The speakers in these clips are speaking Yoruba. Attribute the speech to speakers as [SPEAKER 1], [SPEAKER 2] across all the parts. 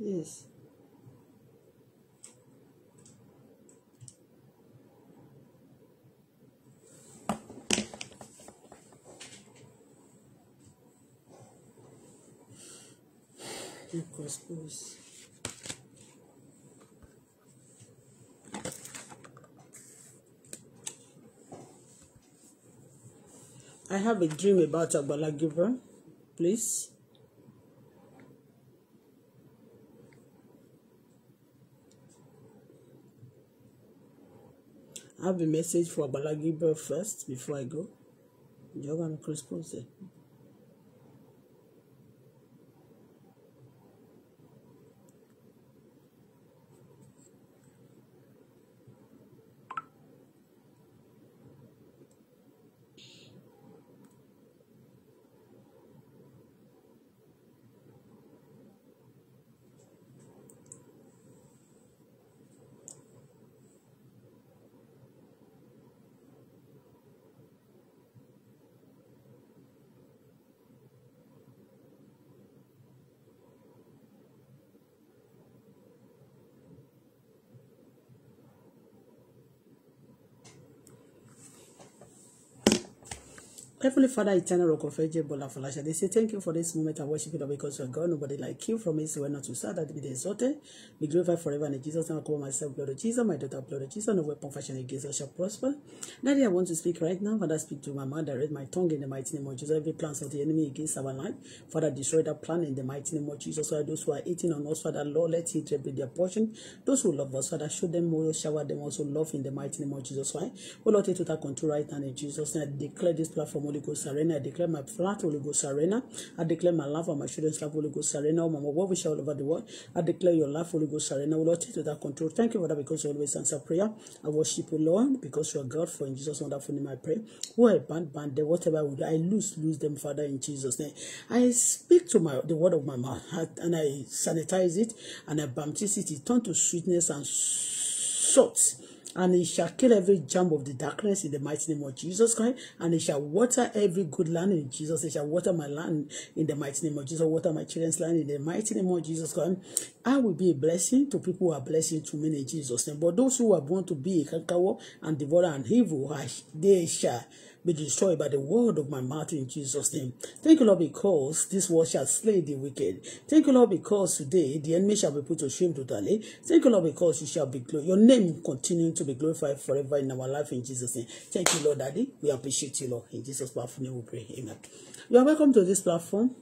[SPEAKER 1] Yes. You cross I have a dream about Agbala Gibran, please. have a message for Agbala first before I go. You're going to cross it. Heavenly Father, eternal rock of ages, Bola Falasha, they say, Thank you for this moment of worship Lord, because you are God, nobody like you. From his not to sad, that be exalted, be glorified forever. And in Jesus' I call myself Lord Jesus, my daughter, Lord Jesus, no weapon fashioned against us shall prosper. Daddy, I want to speak right now. Father, speak to my mouth, direct my tongue in the mighty name of Jesus. Every plan of the enemy against our life, Father, destroy that plan in the mighty name of Jesus. Father, those who are eating on us, Father, Lord, let it be their portion. Those who love us, Father, show them more, shower them also love in the mighty name of Jesus. Why? Oh Lord, take total control right now in Jesus' name. I declare this platform Holy Ghost arena. I declare my flat Holy Ghost arena. I declare my love and my children's love Holy Ghost arena. Oh, Mama, what we shall over the world. I declare your love Holy Ghost arena. Oh, Lord, take to that control. Thank you, Father, because you always answer prayer. I worship you, Lord, because you are God. For in Jesus' wonderful name, I pray. Who I band, band them, whatever I would, I lose, lose them, Father, in Jesus' name. I speak to my the word of my mouth and I sanitize it and I baptize it. It turn to sweetness and salt and He shall kill every germ of the darkness in the mighty name of Jesus Christ, and He shall water every good land in Jesus. He shall water my land in the mighty name of Jesus, water my children's land in the mighty name of Jesus Christ. I will be a blessing to people who are blessing to me in Jesus' But those who are born to be a kankawo and devourer and evil, they shall be destroyed by the word of my mouth in Jesus' name. Thank you, Lord, because this word shall slay the wicked. Thank you, Lord, because today the enemy shall be put to shame totally. Thank you, Lord, because you shall be glorified. Your name continuing to be glorified forever in our life in Jesus' name. Thank you, Lord, Daddy. We appreciate you, Lord. In Jesus' powerful name we pray. Amen. You are welcome to this platform.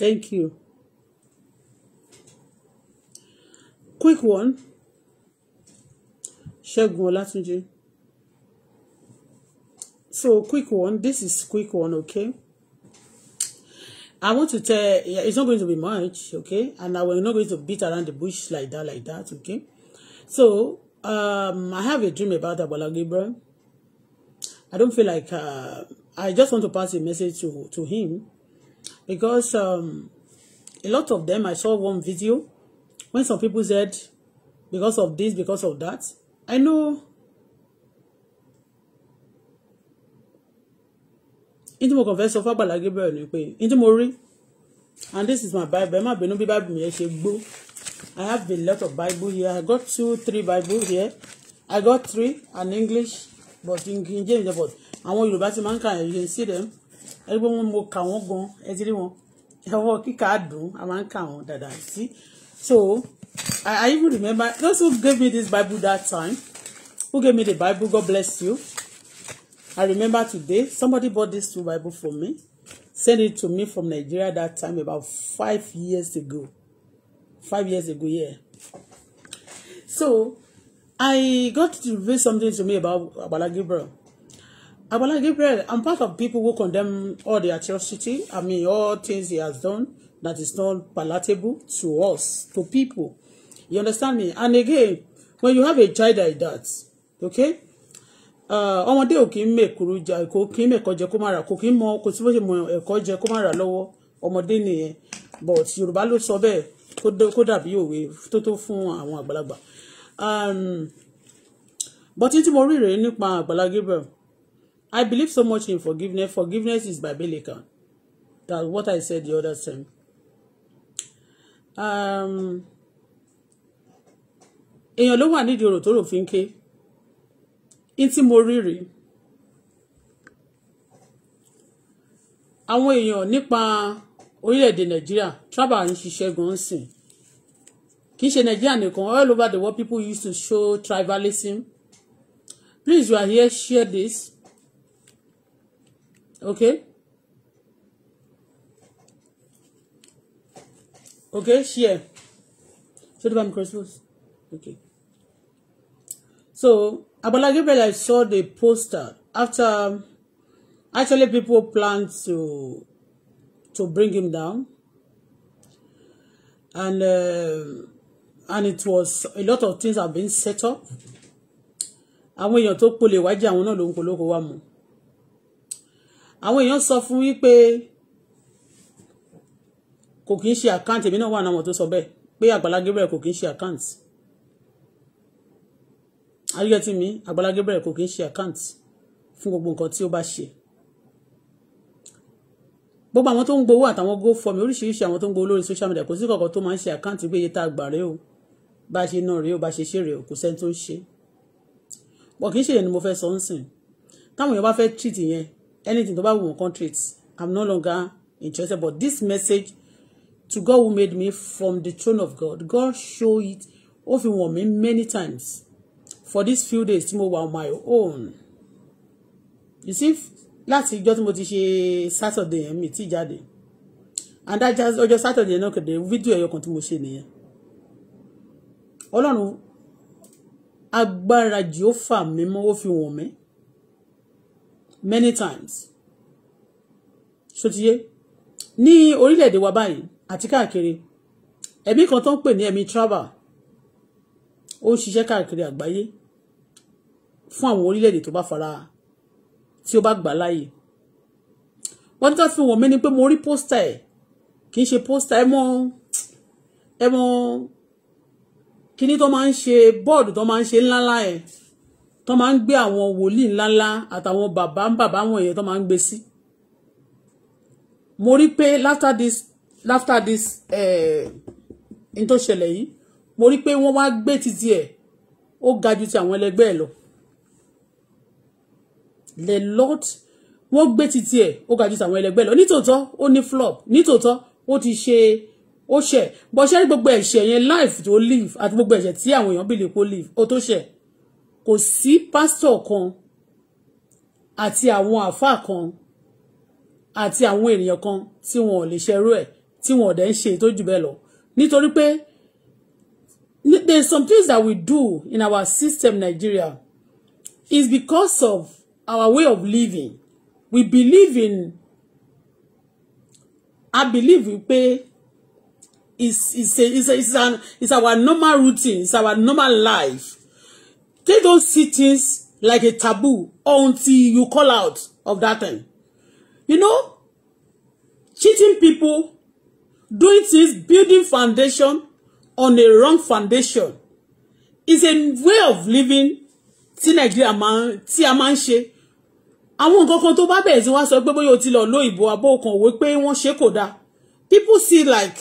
[SPEAKER 1] Thank you. Quick one. Ṣẹ́gun Ọlátúnjí. So quick one. This is quick one, okay? I want to tell yeah, it's not going to be much, okay? And I we're not going to beat around the bush like that, like that, okay? So um, I have a dream about Agbala Gabriel. I don't feel like uh, I just want to pass a message to to him because um, a lot of them, I saw one video when some people said, because of this, because of that. I know Into tí mo kàn fẹ́ sọ fábàlá Gabriel ni and this is my bible My Bible, no bí bible mi yẹn ṣe I have a lot of bible here I got two three bible here I got three and English but in King James but àwọn Yorùbá ti máa ń kà you can see them ẹ gbé wọn mo kà wọn gan ẹ ti rí wọn ọwọ́ kíkà dùn a máa ń kà wọn dáadáa sí so I, I even remember those who gave me this Bible that time who gave me the Bible God bless you I remember today somebody bought this two Bible for me send it to me from Nigeria that time about five years ago five years ago yeah so I got to reveal something to me about Agbala Gabriel Agbala Gabriel, I'm part of people who condemn all the atrocity, I mean, all things he has done that is not palatable to us, to people. You understand me? And again, when you have a child like that, okay? Uh, ọmọdé ò kì í mọ èkúrú jà kò kì í mọ ẹ̀kọ́ jẹ kó má rà kò kì í mọ kò sí bó ṣe mọ ẹ̀kọ́ jẹ kó má rà ọmọdé nìyẹn but Yorùbá ló sọ bẹ́ẹ̀ kó dàbí òwe tó tó fún àwọn àgbàlagbà um, but tí mo rí rèé nípa Àgbàlá Gabriel I believe so much in forgiveness. Forgiveness is biblical. That's what I said the other time. Um, èèyàn ló wà nídìí ọ̀rọ̀ tó rò fi ń ké. Ní tí mo rí rí. Àwọn èèyàn nípa orílẹ̀-èdè Nàìjíríà traba ń ṣiṣẹ́ gan-an sìn. Kì í ṣe Nàìjíríà nìkan all over the world people used to show tribalism. Please you are here share this okay okay share show them Christmas. okay so Agbala Gabriel I saw the poster after um, actually people planned to to bring him down and uh, and it was a lot of things have been set up àwọn èèyàn tó polè wájú àwọn náà ló ń polówó wa mọ́ àwọn èèyàn sọ fún yín pé kò kí ń ṣe àkáǹtì èmi náà wà náà wọn tó sọ bẹ́ẹ̀ pé Àgbàlá Gabriel kò kí ń ṣe àkáǹtì ayélujára mi Àgbàlá Gabriel kò kí ń ṣe àkáǹtì fún gbogbo nǹkan tí ó bá ṣe gbogbo àwọn tó ń gbowó àtàwọn go for me oríṣiríṣi àwọn tó ń gbowó lórí social media kò sí kankan tó máa ń ṣe àkáǹtì gbé iye tá a gbà rèé o bá a ṣe náà rèé o bá a ṣe ṣe rèé o kò sẹ́ni tó ń ṣe pọ̀ kì í ṣe èyí ni mo fẹ́ sọ ń sìn táwọn èèyàn bá fẹ́ treat yẹn anything tó bá will contradict. i'm no longer interested but this message to God who made me from the throne of God God showed it often fi me many times for these few days tí mo on my own you see last week just mo ti saturday yẹn mi ti jáde and that just ọjọ́ saturday yẹn náà kéde fídíò ẹ̀yọ kan tí mo ṣe nìyẹn ọlọ́run agbára jehova mímọ́ ó fi wọ̀n mí many times ṣòtíyé ní orílẹ̀-èdè wa báyìí àti káàkiri ẹ̀mí kan tó ń pè ní ẹ̀mí travel ó ń ṣiṣẹ́ káàkiri àgbáyé fún àwọn orílẹ̀-èdè tó bá fara tí ó bá gbà láàyè wọ́n tó fi wọ̀n mí ni pé mo rí pósítà ẹ̀ kì í ṣe pósítà ẹ mọ ẹ mọ kíní tó máa ń ṣe bọ́ọ̀dù tó máa ń ṣe ńláńlá ẹ̀ tó máa ń gbé àwọn wòlíì ńláńlá àtàwọn bàbá ń bàbá wọn yẹn tó máa ń gbé sí mo rí pé after this after this eh, n tó ṣẹlẹ̀ yìí mo rí pé wọ́n wá gbé títí ẹ̀ ó ga ju ti àwọn ẹlẹgbẹ́ ẹ̀ lọ the lord wọ́n gbé títí ẹ̀ ó ga ju ti àwọn ẹlẹgbẹ́ ẹ̀ lọ nítòótọ́ ó ní flop nítòótọ́ ó ti ṣe ó ṣẹ̀ bọ́ṣẹ́ gbogbo ẹ̀ṣẹ̀ yẹn life tó live àti gbogbo ẹ̀ṣẹ̀ tí àwọn èèyàn bìlì kó live ó tó ṣẹ̀ kò sí pásítọ̀ kan àti àwọn àáfàá kan àti àwọn ènìyàn kan tí wọn ò lè ṣerú ẹ̀ tí wọn ò dẹ̀ ń ṣe tó bẹ́ẹ̀ lọ nítorí pé there are some things that we do in our system Nigeria is because of our way of living we believe in I believe pé it's Is a, is a, is our normal routine it's our normal life They don't see things like a taboo until you call out of that thing. You know, cheating people, doing things, building foundation on a wrong foundation is a way of living tí Nàìjíríà máa tí a máa ń ṣe. Àwọn nǹkan kan tó bá bẹ̀rẹ̀ sí wá sọ ti lọ lóyìnbó abọ́ òkan òwe pé wọ́n ṣe kò People see like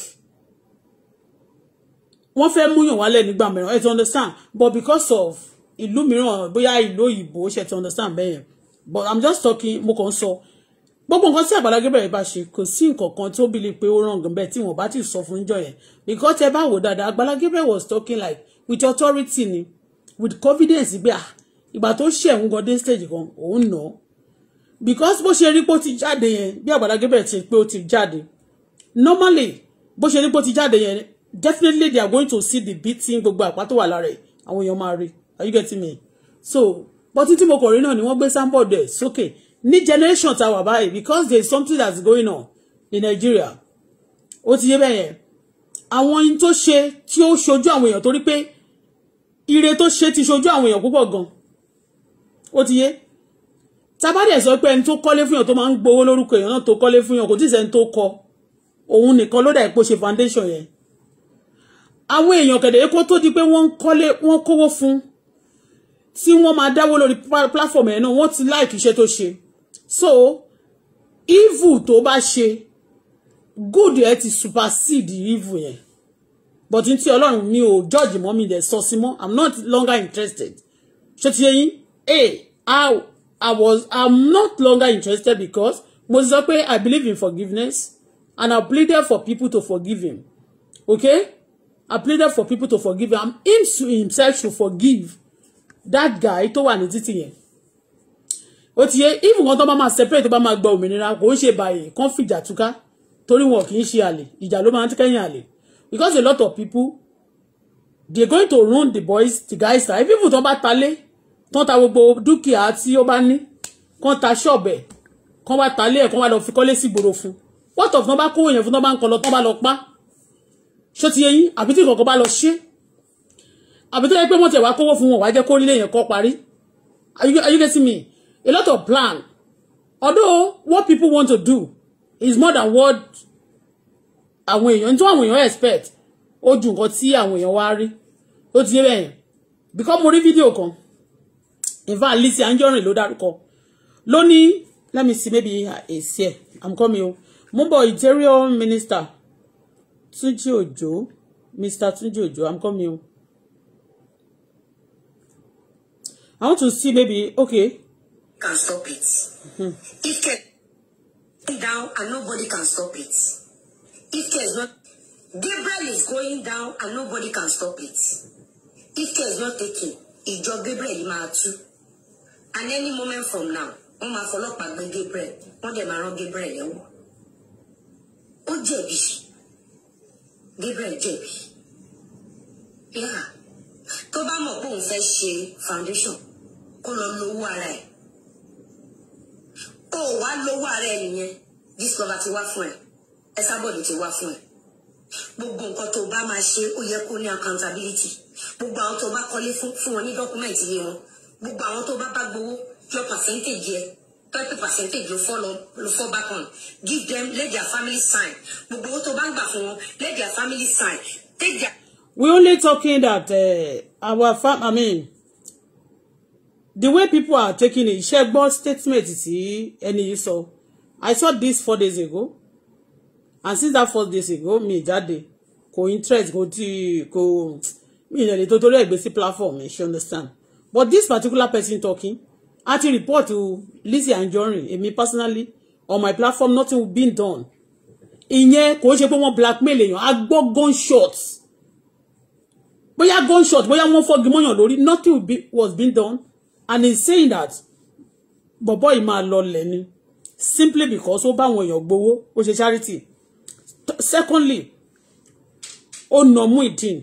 [SPEAKER 1] wọ́n fẹ́ múyàn wálẹ̀ nígbà mìíràn, you understand? But because of ìlú mìíràn bóyá ìlú òyìnbó ṣe ti understand bẹ́ẹ̀ yẹn but i'm just talking mo kàn ń sọ gbogbo nǹkan tí Agbala Gabriel bá ṣe kò sí nǹkan kan tó bí le pé ó ràn bẹ́ẹ̀ tí wọ́n bá ti sọ fún jọ yẹn because tẹ bá wò dáadáa Agbala Gabriel was talking like with authority ni with confidence gbé à ah, ìgbà tó ṣe ẹ̀hún gan dé stage kan òun nà án because bó ṣe rí pé ó ti jáde yẹn bí Agbala Gabriel ti pé ó ti jáde normally bó ṣe rí pé ó ti jáde yẹn definitely they are going to see the beating gbogbo àpá tó wà lára ẹ̀ àwọn èèyàn máa rí i are you getting me so but títí mo kò rí náà ni wọ́n gbé sample dẹ̀ sókè ní generation ta wà báyìí because there is something that is going on in Nigeria ó ti yé bẹ́ẹ̀ yẹn àwọn in tó ṣe tí ó ṣojú àwọn èèyàn torí pé ire tó ṣe ti ṣojú àwọn èèyàn púpọ̀ gan ó ti yé tabadẹ̀ sọ pé ẹni tó kọ́lé fún yàn tó máa ń gbowó lórúkọ èèyàn náà tó kọ́lé fún yàn kò tíì sẹ́ni tó kọ òun nìkan ló dà ipò ṣe foundation yẹn àwọn èèyàn kẹ̀dẹ̀ tó di pé wọ́n kọ́lé wọ́n kówó fún tí wọ́n máa dáwó lórí platform ẹ̀ náà wọ́n ti like iṣẹ́ tó ṣe so evil tó bá ṣe good ẹ ti supersede evil yẹn but n tí ọlọ́run mi ò judge mọ́ mi dẹ̀ so sí i'm not longer interested ṣé ti yẹ yín hey how i was i'm not longer interested because mo ti sọ i believe in forgiveness and i pleaded for people to forgive him okay i pleaded for people to forgive him him to himself to forgive that guy tó wà ní títì yẹn ó ti yé if nǹkan tó bá máa separate to bá máa gba òmìnira kò ń ṣe báyìí kán fìjà túká torí wọn kì í ṣe àlè ìjà ló máa ń because a lot of people they going to ruin the boys the guys ta if people tó bá talé tó ta gbogbo dúkìá tí ó bá ní kán ta ṣọ́ọ̀bẹ̀ kán wá talé ẹ̀ kán wá lọ fi kọ́lé sí gbòòrò fún what of tó bá kówó yẹn fún tó bá ń kọ́ lọ tó bá lọ pa ṣó ti yẹ yín àbí tí nǹkan kan bá àbí tó yẹ pé wọ́n ti wá kówó fún wọn wá jẹ́ kó nílé yẹn kọ́ parí are you, are you getting me a lot of plan although what people want to do is more than what àwọn èèyàn tí àwọn èèyàn expect ó ju nǹkan tí àwọn èèyàn wá rí ó ti yé bẹ́ẹ̀ yẹn because mo rí fídíò kan in fact Lizzy Anjorin ló dárúkọ ló let me see maybe èsì ẹ̀ i'm coming o mo ń bọ̀ interior minister Tunji Òjó mr Tunji Òjó i'm coming o. I want to see maybe, okay. Can stop it. Mm-hmm.
[SPEAKER 2] Ike down and nobody can stop it. Ike is not, Gabriel is going down and nobody can stop it. Ike is not taking, ìjọ Gabriel máa tú. And any moment from now, wọ́n follow up gbé Gabriel, wọ́n dẹ̀ máa rán Gabriel Oh, Ó jẹ̀bi. Gabriel jẹ̀bi. Yeah. Tó bá mọ̀ pé òun fẹ́ ṣe foundation kó lọ lo ara ẹ̀ ó wá lówó ara ẹ̀ nìyẹn discover ti wá fún ẹ ẹ sábọ̀dù ti wá fún ẹ gbogbo nǹkan tó bá máa ṣe ó yẹ kó ní accountability gbogbo àwọn tó bá kọ́lé fún fún wọn ní dọ́kúmẹ̀ntì yé wọn gbogbo àwọn tó bá bá gbowó yọ percentage yẹ thirty percentage ló fọ́ lọ ló fọ́ back on give them let their family sign gbogbo owó tó bá ń gbà fún wọn let their family sign take their.
[SPEAKER 1] we only talking that uh, our fam i mean the way people are taking it ṣẹ́gbọ́n statement tí ẹni yìí sọ I saw this four days ago and since that four days ago mi jáde co interest go to kò me ìrẹ̀lẹ̀ tó torí ẹ̀gbẹ́ sí platform you understand but this particular person talking a ti report to Lizzie and Lizzy and me personally on my platform nothing been done ìyẹn kò ṣe pé wọ́n blackmail èèyàn a gbọ́ gunshot bóyá gunshot bóyá wọ́n fọ́gi mọ́yàn lórí nothing was being done and in saying that bọ̀bọ́ yìí máa lọlẹ̀ ni simply because ó bá àwọn èèyàn gbowó ó ṣe charity secondly ó nà Muideen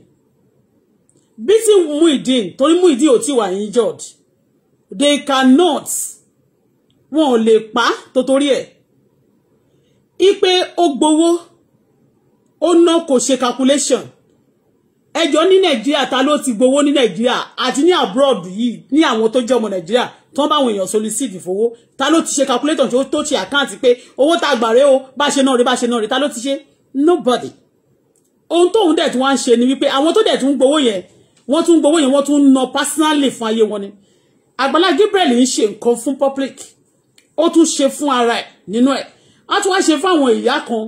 [SPEAKER 1] bí tí Muideen torí Muideen ò tí wà injured they cannot wọn ò lè to torí ẹ̀ ipe ó gbowó ó no kò ṣe calculation ẹjọ́ ní nàìjíríà ta ló ti gbowó ní nàìjíríà àti ní abroad yìí ní àwọn tó jẹ́ ọmọ nàìjíríà tó ń bá èèyàn solicit fowó ta ló ti ṣe calculator tó tó ti àkáǹtì pé owó tá a gbà rèé o bá ṣe náà rèé bá ṣe náà rèé ta ló ti ṣe nobody ohun tóun dẹ̀ tí wọ́n ń ṣe ni wípé àwọn tó dẹ̀ tún gbowó yẹn wọ́n tún gbowó yẹn wọ́n tún ń ná personally fún ayé wọn ni Àgbàlá Gabriel ń ṣe nǹkan fún public ó tún ṣe fún ara ẹ̀ nínú ẹ̀ á tún wá ṣe fún àwọn ìyá kan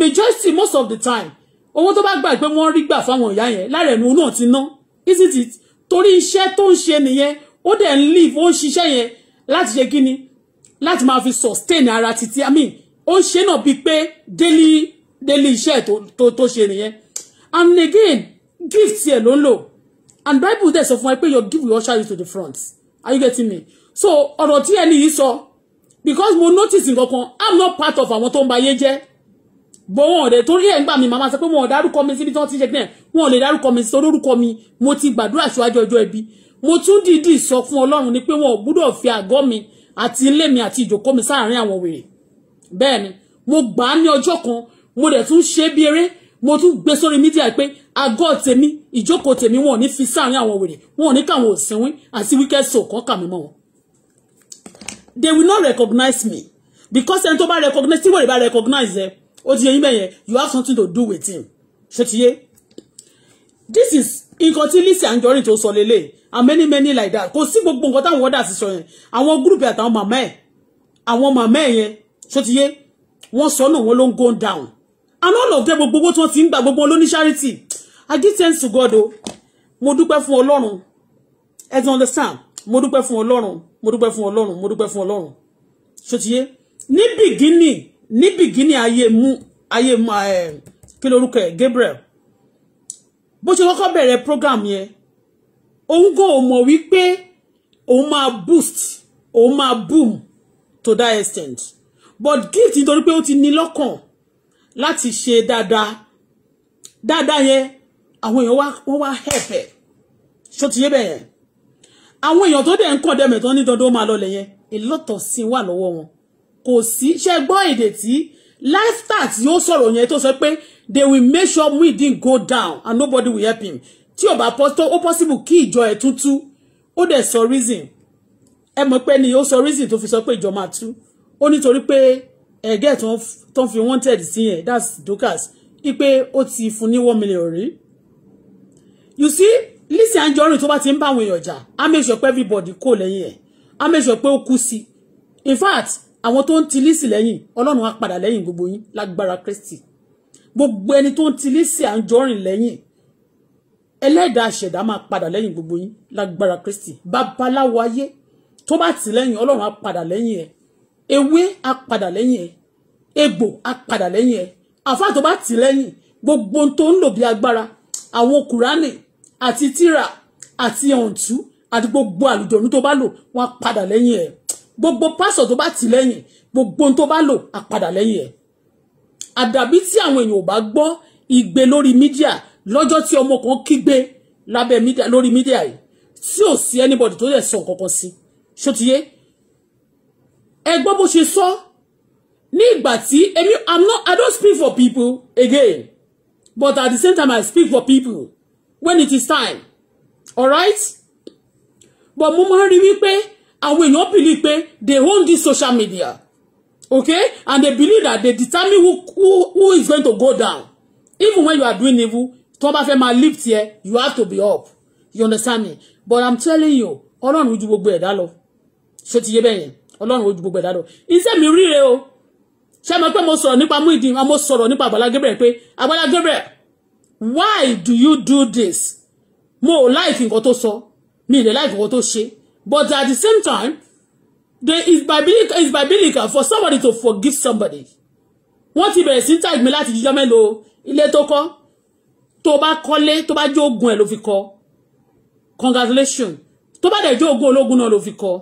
[SPEAKER 1] majority most of the time owó tó bá gbà pé wọ́n rí gbà fáwọn ìyá yẹn lára ẹ̀nu náà ti ná isn't it torí iṣẹ́ tó ń ṣe nìyẹn ó dẹ̀ ń live ó ń ṣiṣẹ́ yẹn láti ṣe kí ni láti máa fi sustain ara títí i mean ó ń ṣe náà bíi pé daily daily iṣẹ́ tó tó ṣe nìyẹn and again gift yẹn ló ń lò and bible dẹ̀ sọ fún wa pé your gift will usher you to the front are you getting me so ọ̀rọ̀ tí ẹni yìí sọ because mo notice nǹkan kan i'm not part of àwọn tó ń ba ayé jẹ́ gbọ́ wọn ò dẹ̀ torí ẹ̀ ń gbà mí màmá sọ pé wọn ò dárúkọ mi síbi tí wọ́n ti ṣe gbẹ̀yìn wọn ò lè dárúkọ mi sọ lórúkọ mi mo ti gbàdúrà síwájú ọjọ́ ẹbí mo tún dìídì sọ fún ọlọ́run ni pé wọn ò gbúdọ̀ fi àgọ́ mi àti ilé mi àti ìjòkó mi sáàárín àwọn wèrè bẹ́ẹ̀ ni mo gbà á ní ọjọ́ kan mo dẹ̀ tún ṣe bí eré mo tún gbé sórí mídíà pé àgọ́ tèmi ìjókòó tèmi wọn ò ní fi sáàárín àwọn wèrè wọn ò ní káwọn òsínwín àti wíkẹ́sì òkan kà mí mọ́ wọn. they will not recognize me because ẹni tó bá recognize tí wọ́n lè bá recognize ẹ ó ti yẹ yín you have something to do with him ṣe ti yé this is nǹkan tí Lizzy Anjorin tó sọ lélẹ̀ and many many like that kò sí gbogbo nǹkan táwọn wọ́dà sí sọ yẹn àwọn gúrùpù àtàwọn màmá ẹ̀ àwọn màmá ẹ̀ yẹn ṣe ti yé wọ́n sọ náà wọ́n ló go down and all of them gbogbo owó tí wọ́n ti ń gbà gbogbo olóní charity I give thanks to God o mo dúpẹ́ fún Ọlọ́run ẹ ti understand mo dúpẹ́ fún Ọlọ́run mo dúpẹ́ fún Ọlọ́run mo dúpẹ́ fún Ọlọ́run ṣe ti yé ní bìgínì ní bìgínì ayé mú ayé mú eh, kí lorúkọ ẹ̀ Gabriel bó ṣe kọ́kọ́ bẹ̀rẹ̀ program yẹn òun kò mọ̀ wípé òun máa boost òun máa boom to that extent but gift nítorí pé ó ti ní lọ́kàn láti ṣe dáadáa dáadáa yẹn àwọn èèyàn wá wọ́n wá help ẹ̀ ṣó ti yé bẹ́ẹ̀ yẹn àwọn èèyàn tó dẹ̀ ń kọ̀ dẹ̀mẹ̀ tó ní dandan ó máa lọlẹ̀ yẹn a lot wà lọ́wọ́ wọn kò sí ṣe gbọ́ èdè tí láìftà tí ó sọ̀rọ̀ yẹn tó sọ pé they will make sure we Muideen go down and nobody will help him tí o bá pọ́sítọ́ ó possible kí ìjọ ẹ̀ tún tú ó dẹ̀ sọ reason ẹ mọ̀ pé ni ó sọ reason tó fi sọ pé ìjọ máa tú ó nítorí pé ẹ̀gẹ́ tó ń fi wanted sí yẹn that's Dorkas ipe ó ti fún ní one million rí you see Lizzy Anjorin tó bá ti ń bá àwọn èèyàn jà á make sure pé everybody kò lẹ́yìn ẹ̀ á make sure pé ó kú sí in fact àwọn tó ń ti lísì lẹ́yìn ọlọ́run á padà lẹ́yìn gbogbo yín lágbára kristi gbogbo ẹni tó ń ti lísì à ń jọrìn lẹ́yìn ẹlẹ́dàá àṣẹ̀dá máa padà lẹ́yìn gbogbo yín lágbára kristi babaláwo ayé tó bá tì lẹ́yìn ọlọ́run á padà lẹ́yìn ẹ ewé á padà lẹ́yìn ẹ egbò á padà lẹ́yìn ẹ àfáà tó bá tì lẹ́yìn gbogbo tó ń lò bí agbára àwọn kùránì àti tírà àti ọ̀ǹtú àti gbogbo àlùjọ̀nú tó bá lò wọ́n á padà lẹ́yìn ẹ̀ gbogbo pásọ̀ tó bá tì lẹ́yìn gbogbo tó bá lò àpadà lẹ́yìn ẹ̀ àdàbí tí àwọn èèyàn ò bá gbọ́ ìgbé lórí mídíà lọ́jọ́ tí ọmọ kan kígbe lábẹ́ mídíà lórí mídíà yìí tí ò sí anybody tó yẹ sọ kankan sí ṣó ti yé ẹ gbọ́ bó ṣe sọ ní ìgbà tí èmi i'm not i don't speak for people again but at the same time i speak for people when it is time alright but mo máa ń rí wípé àwọn èèyàn believe pé they own this social media okay and they believe that they determine who who who is going to go down even when you are doing evil tó bá fẹ́ máa lift here you have to be up you understand me but i'm telling you ọlọ́run ojú gbogbo ẹ̀dá lọ ṣé ti yé bẹ́ẹ̀ yẹn ọlọ́run ojú gbogbo ẹ̀dá lọ iṣẹ́ mi ríre o ṣé mo pé mo sọ̀rọ̀ nípa Muyideen mo sọ̀rọ̀ nípa Agbala Gabriel pé Agbala Gabriel why do you do this mo ò láìfi nǹkan tó sọ mi ì lè láìfi nǹkan tó ṣe But at the same time, there is biblical, it's biblical for somebody to forgive somebody. Wọ́n ti bẹ̀rẹ̀ sí ń tàgbé láti jíjọ́ mélòó ilé tó kọ́ tó bá kọ́lé tó bá jẹ́ ogun ẹ̀ ló fi kọ́. Congratulation tó bá dẹ̀ jẹ́ ogun ológun náà ló fi kọ́.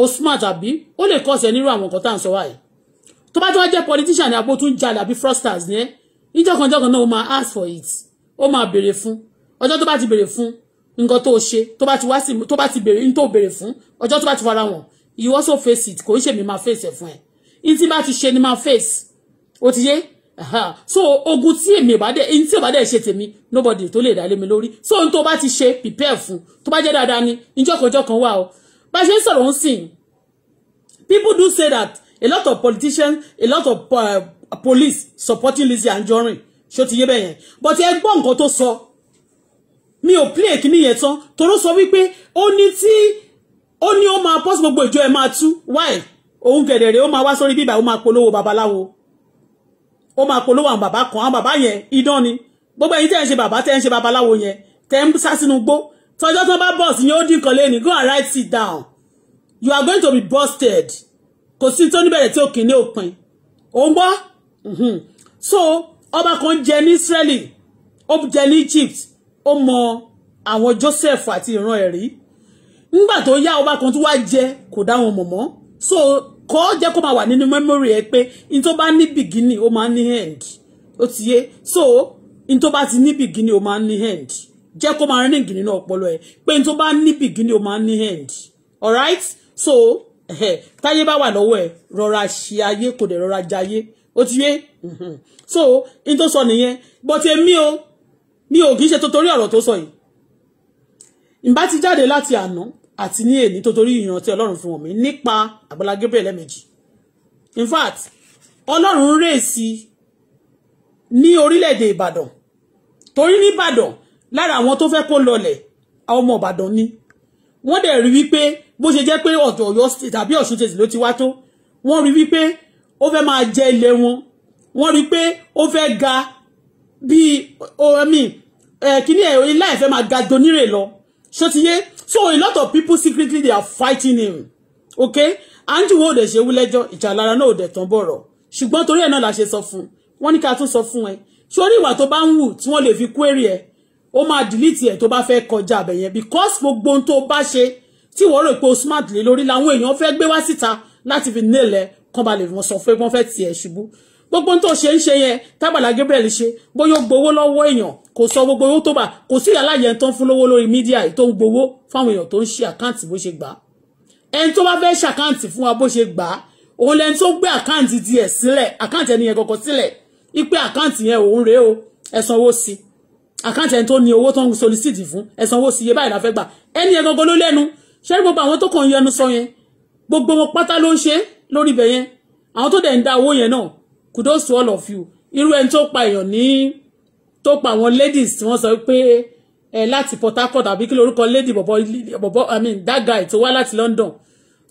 [SPEAKER 1] O smart àbí ó lè kọ́ ọ̀sẹ̀ nírú àwọn nǹkan tá à ń sọ wáyé. Tó bá tó wá jẹ́ politician ni àpótún jalè àbí fraudsters ni ẹ́. Ìjọkànjọkàn náà ó máa ask for it. Ó máa béèrè fún. Ọjọ́ tó bá ti béèrè fún nǹkan tó ṣe tó bá ti wá sí tó bá ti béèrè ní tó béèrè fún ọjọ́ tó bá ti fara wọn you also face it kò ń ṣèmi máa face ẹ̀ fún ẹ̀ ní tí máa ti ṣe ni máa face ó ti yé so ogun tí èmi bá dé ní tí èmi bá dé ṣe tèmi nobody tó lè dálé mi lórí so ní tó bá ti ṣe prepare fún tó bá jẹ́ dáadáa ni níjọ́kọjọ́ kan wà o bá ṣe ń sọ̀rọ̀ ń sìn people do say that a lot of politicians a lot of uh, police supporting Lizzy Anjorin ṣó ti yé bẹ́ẹ̀ yẹn but ẹ gbọ́ nǹkan tó sọ. So, mi ò play kíní yẹn tán tòró sọ wípé ó ní tí ó ní ó máa pọ́sí gbogbo ìjọ ẹ̀ máa tú wáì òun gẹ̀dẹ̀rẹ̀ ó máa wá sórí bíbà ó máa polówó babaláwo ó máa polówó àwọn bàbá kan àwọn bàbá yẹn idán ni gbogbo ẹ̀yin tẹ́ ń ṣe bàbá tẹ́ ń ṣe babaláwo yẹn tẹ́ ń sá sínú gbó tọjọ́ tó bá bọ́ọ̀sì yẹn ó dín kan lẹ́nu go and write it down you are going to be busted kò sí tó níbẹ̀rẹ̀ tí ó kì ní òpin òun gbọ́ mhm. so ọba kan jẹ ní Israeli ó jẹ ní Egypt ó mọ àwọn Joseph àti ìran ẹ̀rí nígbà tó yá ọba kan tó wá jẹ kò dá wọn mọ̀ mọ́ so kọ́ jẹ́ kó máa wà nínú memory ẹ pé in tó bá ní beginning ó máa ní end ó ti yé so in tó bá ti ní beginning ó máa ní end jẹ́ kó máa rìn nínú ọpọlọ ẹ pé in tó bá ní beginning ó máa ní end alright so táyé bá wà lọ́wọ́ ẹ rọra ṣe ayé kò dẹ̀ rọra jayé ó ti yé mhm. so in tó sọ nìyẹn but èmi o mi ò kì í ṣe torí ọ̀rọ̀ tó sọ yìí ìbá ti jáde láti àná àti ní èní torí ìrántí ọlọ́run fún mi nípa Agbala Gabriel lẹ́ẹ̀mejì in fact ọlọ́run ń rèsì ní orílẹ̀-èdè Ìbàdàn torí ní lára àwọn tó fẹ́ kó lọlẹ̀ àwọn ọmọ Ìbàdàn ni wọ́n dẹ̀ rí wípé bó ṣe jẹ́ pé ọ̀dọ̀ Ọ̀yọ́ tàbí Ọ̀ṣun tètè ló ti wá tó wọ́n rí wípé ó fẹ́ máa jẹ ilé wọn wọ́n rí pé ó fẹ́ ga bíi omi Eh, Kini ẹ̀ orí láì fẹ́ máa ga donírè lọ ṣó ti so a lot of people secretly they are fighting him okay andrew wo lè ṣe wú lẹ́jọ́ ìjà lára náà ò dẹ̀ tán bọ̀rọ̀ ṣùgbọ́n torí ẹ̀ náà la ṣe sọ fún wọn ní ká tún sọ fún ẹ sórí ìwà tó bá ń wù tí wọ́n fi query e. O ma delete e tó bá fẹ́ kọjá abẹ yẹn because gbogbo ohun tó bá ṣe tí wọ́n rò pé o smart lé lórí làwọn èèyàn fẹ́ gbé wá síta láti fi nílẹ̀ kan balẹ̀ wọn sọ pé wọ́n fẹ́ tiẹ̀ ṣubú gbogbo tó ṣe ń ṣe yẹn tábàlà Gabriel ṣe bóyá ó gbowó lọ́wọ́ èèyàn kò sọ gbogbo owó tó bá kò sí ìyáláyẹ tó ń fún lówó lórí mídíà tó ń gbowó fáwọn èèyàn tó ń ṣe àkáǹtì bó ṣe gbà á ẹni tó bá fẹ́ ṣàkáǹtì fún wa bó ṣe gbà á òun lẹni tó gbé àkáǹtì díẹ̀ sílẹ̀ àkáǹtì ẹni yẹn kọ̀kọ̀ sílẹ̀ ipe àkáǹtì yẹn òun rèé o ẹ sanwó sí àkáǹtì ẹni tó ní owó tó ń solicite fún ẹ sanwó sí iye báyìí la fẹ́ gbà ẹni yẹn gangan ló lẹ́nu ṣé gbogbo àwọn tó kàn ń yẹnu sọ yẹn gbogbo wọn pátá ló ń ṣe lórí ibẹ̀ yẹn àwọn tó dẹ̀ ń da owó yẹn náà kudos to all of you irú ẹni tó pa èèyàn ní tó pa àwọn ladies tí wọ́n sọ pé ẹ láti Port Harcourt àbí kí lorúkọ lady bọ̀bọ̀ bọ̀bọ̀ i mean that guy tó wá láti London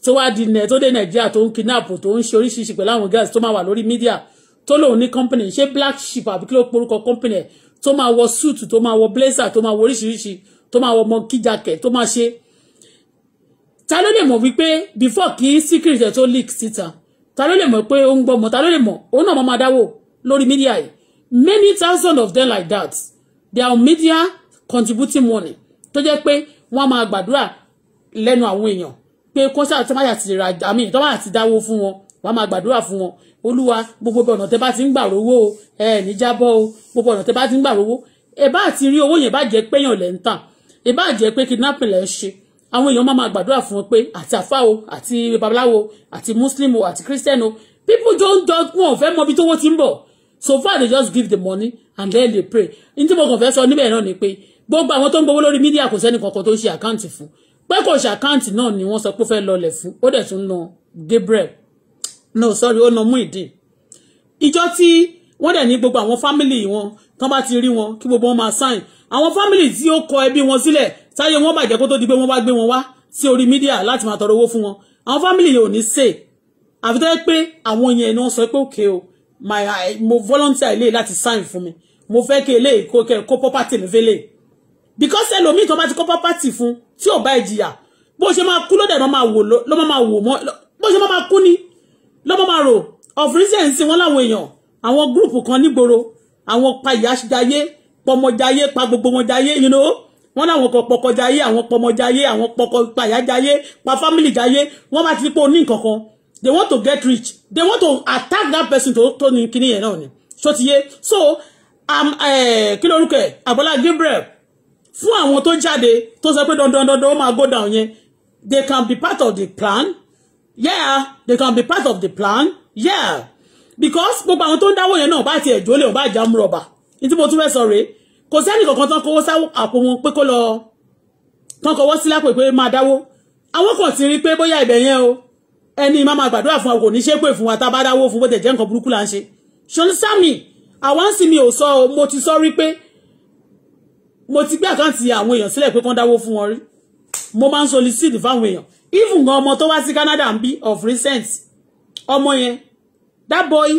[SPEAKER 1] tó wá di nẹ tó dé Nàìjíríà tó ń kidnap tó ń ṣe oríṣiríṣi pẹ̀lú àwọn girls tó máa wà lórí media tó lòun ní company ṣé black sheep àbí kí ló porúkọ company ẹ̀ tó máa wọ suit tó máa wọ blazer tó máa wọ oríṣiríṣi tó máa wọ monkey jacket tó máa ṣe ta ló lè mọ̀ wípé before kí secret ẹ̀ tó leak síta ta ló lè mọ̀ pé ó ń gbọ́mọ ta ló lè mọ̀ òun náà mọ́ máa dáwò lórí mídíà yìí many thousands of them like that they are media contributing money tó jẹ́ pé wọ́n máa gbàdúrà lẹ́nu àwọn èèyàn pé kọ́sà tó máa ti ra àmì tó máa ti dáwó fún wọn wọ́n máa gbàdúrà fún wọn olúwa gbogbo ọ̀nà tẹ́ bá ti ń gbà rówó o ẹ ní jábọ́ o gbogbo ọ̀nà tẹ́ bá ti ń gbà rówó ẹ bá ti rí owó yẹn bá jẹ́ pé èèyàn lẹ́ ń tà ẹ bá jẹ́ pé kidnapping lẹ́ ń ṣe àwọn èèyàn máa máa gbàdúrà fún wọn pé àti àfa o àti babaláwo àti muslim o àti christian o people don't dog wọn ò fẹ́ mọ ibi tó wọ́n ti ń bọ̀ so far they just give the money and then they pray ní tí mo kàn fẹ́ sọ níbẹ̀ náà ni pé gbogbo àwọn tó ń gbowó lórí mídíà kò sẹ́ni kankan tó ń ṣe àkáǹtì fún pé kò ṣe àkáǹtì náà ni wọ́n sọ pé ó fẹ́ lọlẹ̀ fún ó dẹ̀ tún na Gabriel no sorry ó na muidi. ìjọ tí wọ́n dẹ̀ ní gbogbo àwọn family wọn tán bá ti rí wọn kí gbogbo wọn máa sign àwọn fámìlì tí ó kọ ẹbí wọn sílẹ̀ sáyé wọn bàjẹ́ kó tó di pé wọ́n wá gbé wọn wá sí orí mídíà láti máa tọrọ owó fún wọn àwọn fámìlì yẹn ò ní sè àfi tó yẹ pé àwọn yẹn ni wọ́n sọ pé òkè o my mo volunteer ilé láti sign fún mi mo fẹ́ kí eléyìí kó kẹ́ kó property mi fẹ́lẹ̀ because ẹlòmíì tó bá ti kó property fún tí ò bá ìjìyà bó ṣe máa kú lóde ló máa wò ló máa wò mọ́ bó ṣe máa kú ni ló máa rò of reasons wọn láwọn èèyàn àwọn gúrùpù kan nígboro àwọn pa ìyá jayé pọmọ jayé pa gbogbo wọn jayé you know wọ́n láwọn kan pọkọjáyé àwọn pọmọjáyé àwọn pọkọ pàyájáyé pa family jáyé wọ́n bá ti pé oní nǹkan they want to get rich they want to attack that person tó tó ní kíní yẹn náà ni so ti yé so um, eh, kí lorúkọ ẹ Agbala Gabriel fún àwọn tó jáde tó sọ pé dandan dandan ó máa go down yẹn they can be part of the plan yeah they can be part of the plan yeah because gbogbo àwọn tó ń dáwọ́ yẹn náà bá ti ẹ̀jọ́ lè ọba ìjà mú rọ̀bà ní tí mo tún fẹ́ sọ rèé kò sẹ́ni kankan tán kówó sáwọ́ àpò wọn pé kó lọ tán kọwọ́ sí lápò pé máa dáwó àwọn kan ti rí pé bóyá ibẹ̀ yẹn o ẹni máa máa gbàdúrà fún wa kò ní ṣe pé fún wa tá a bá dáwó fún bó tẹ̀ jẹ́ nǹkan burúkú là ń ṣe ṣọlí sami àwa ń sinmi ò sọ o mo ti sọ rí pé mo ti gbé àkáǹtì àwọn èèyàn sílẹ̀ pé kán dáwó fún wọn rí mo máa ń solicit fáwọn èèyàn even ọmọ tó wá sí Canada ń bí of recent ọmọ yẹn that boy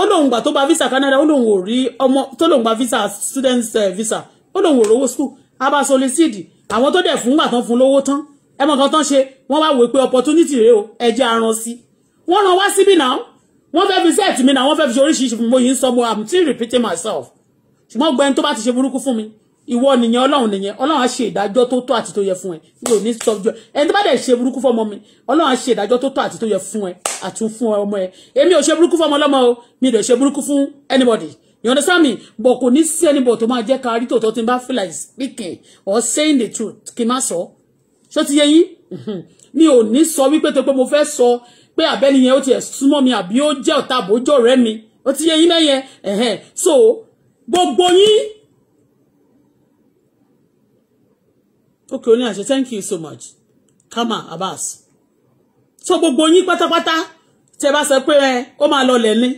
[SPEAKER 1] ó lóun gbà tó gba visa Canada ó lóun ò rí ọmọ tó lóun gba visa student eh, visa ó lóun ò rówó school abá solicidi àwọn tó dẹ̀ fún gbà tán fún lówó tán ẹ kan tán ṣe wọ́n wá wò pé opportunity rèé o ẹ jẹ́ aran sí wọ́n ràn wá síbí náà wọ́n fẹ́ fi set mi náà wọ́n fẹ́ fi ṣe oríṣiríṣi fún mi mo yìí ń sọ mo am still repeating myself ṣùgbọ́n gbẹ́ni tó bá ti ṣe burúkú fún mi ìwọ nìyẹn ọlọ́run nìyẹn ọlọ́run á ṣe ìdájọ́ tó tọ́ àti tó yẹ fún ẹ mi ò ní sọjọ́ ẹni tó bá dẹ̀ ṣe burúkú fọmọ mi ọlọ́run á ṣe ìdájọ́ tó tọ́ àti tó yẹ fún ẹ àtún fún ọmọ ẹ èmi ò ṣe burúkú fọmọ ọlọ́mọ o mi ò ṣe burúkú fún anybody you understand me but kò ní sí anybody tó máa jẹ́ ká rí tòótọ́ tí n bá feel like speaking or saying the truth kí n má sọ ṣó ti yẹ yín mi ò ní sọ wípé tó pé mo fẹ́ sọ pé àbẹ́ni yẹn ó ti ẹ̀ súnmọ́ mi àbí ó jẹ́ ọ̀tá àbójọ́ rẹ mi ó ti yẹ yín mẹ́yẹn so gbogbo yín okay oní àṣẹ thank you so much kama abbas so gbogbo yín pátápátá tẹ bá sọ pé ẹ ó máa lọ lẹ ní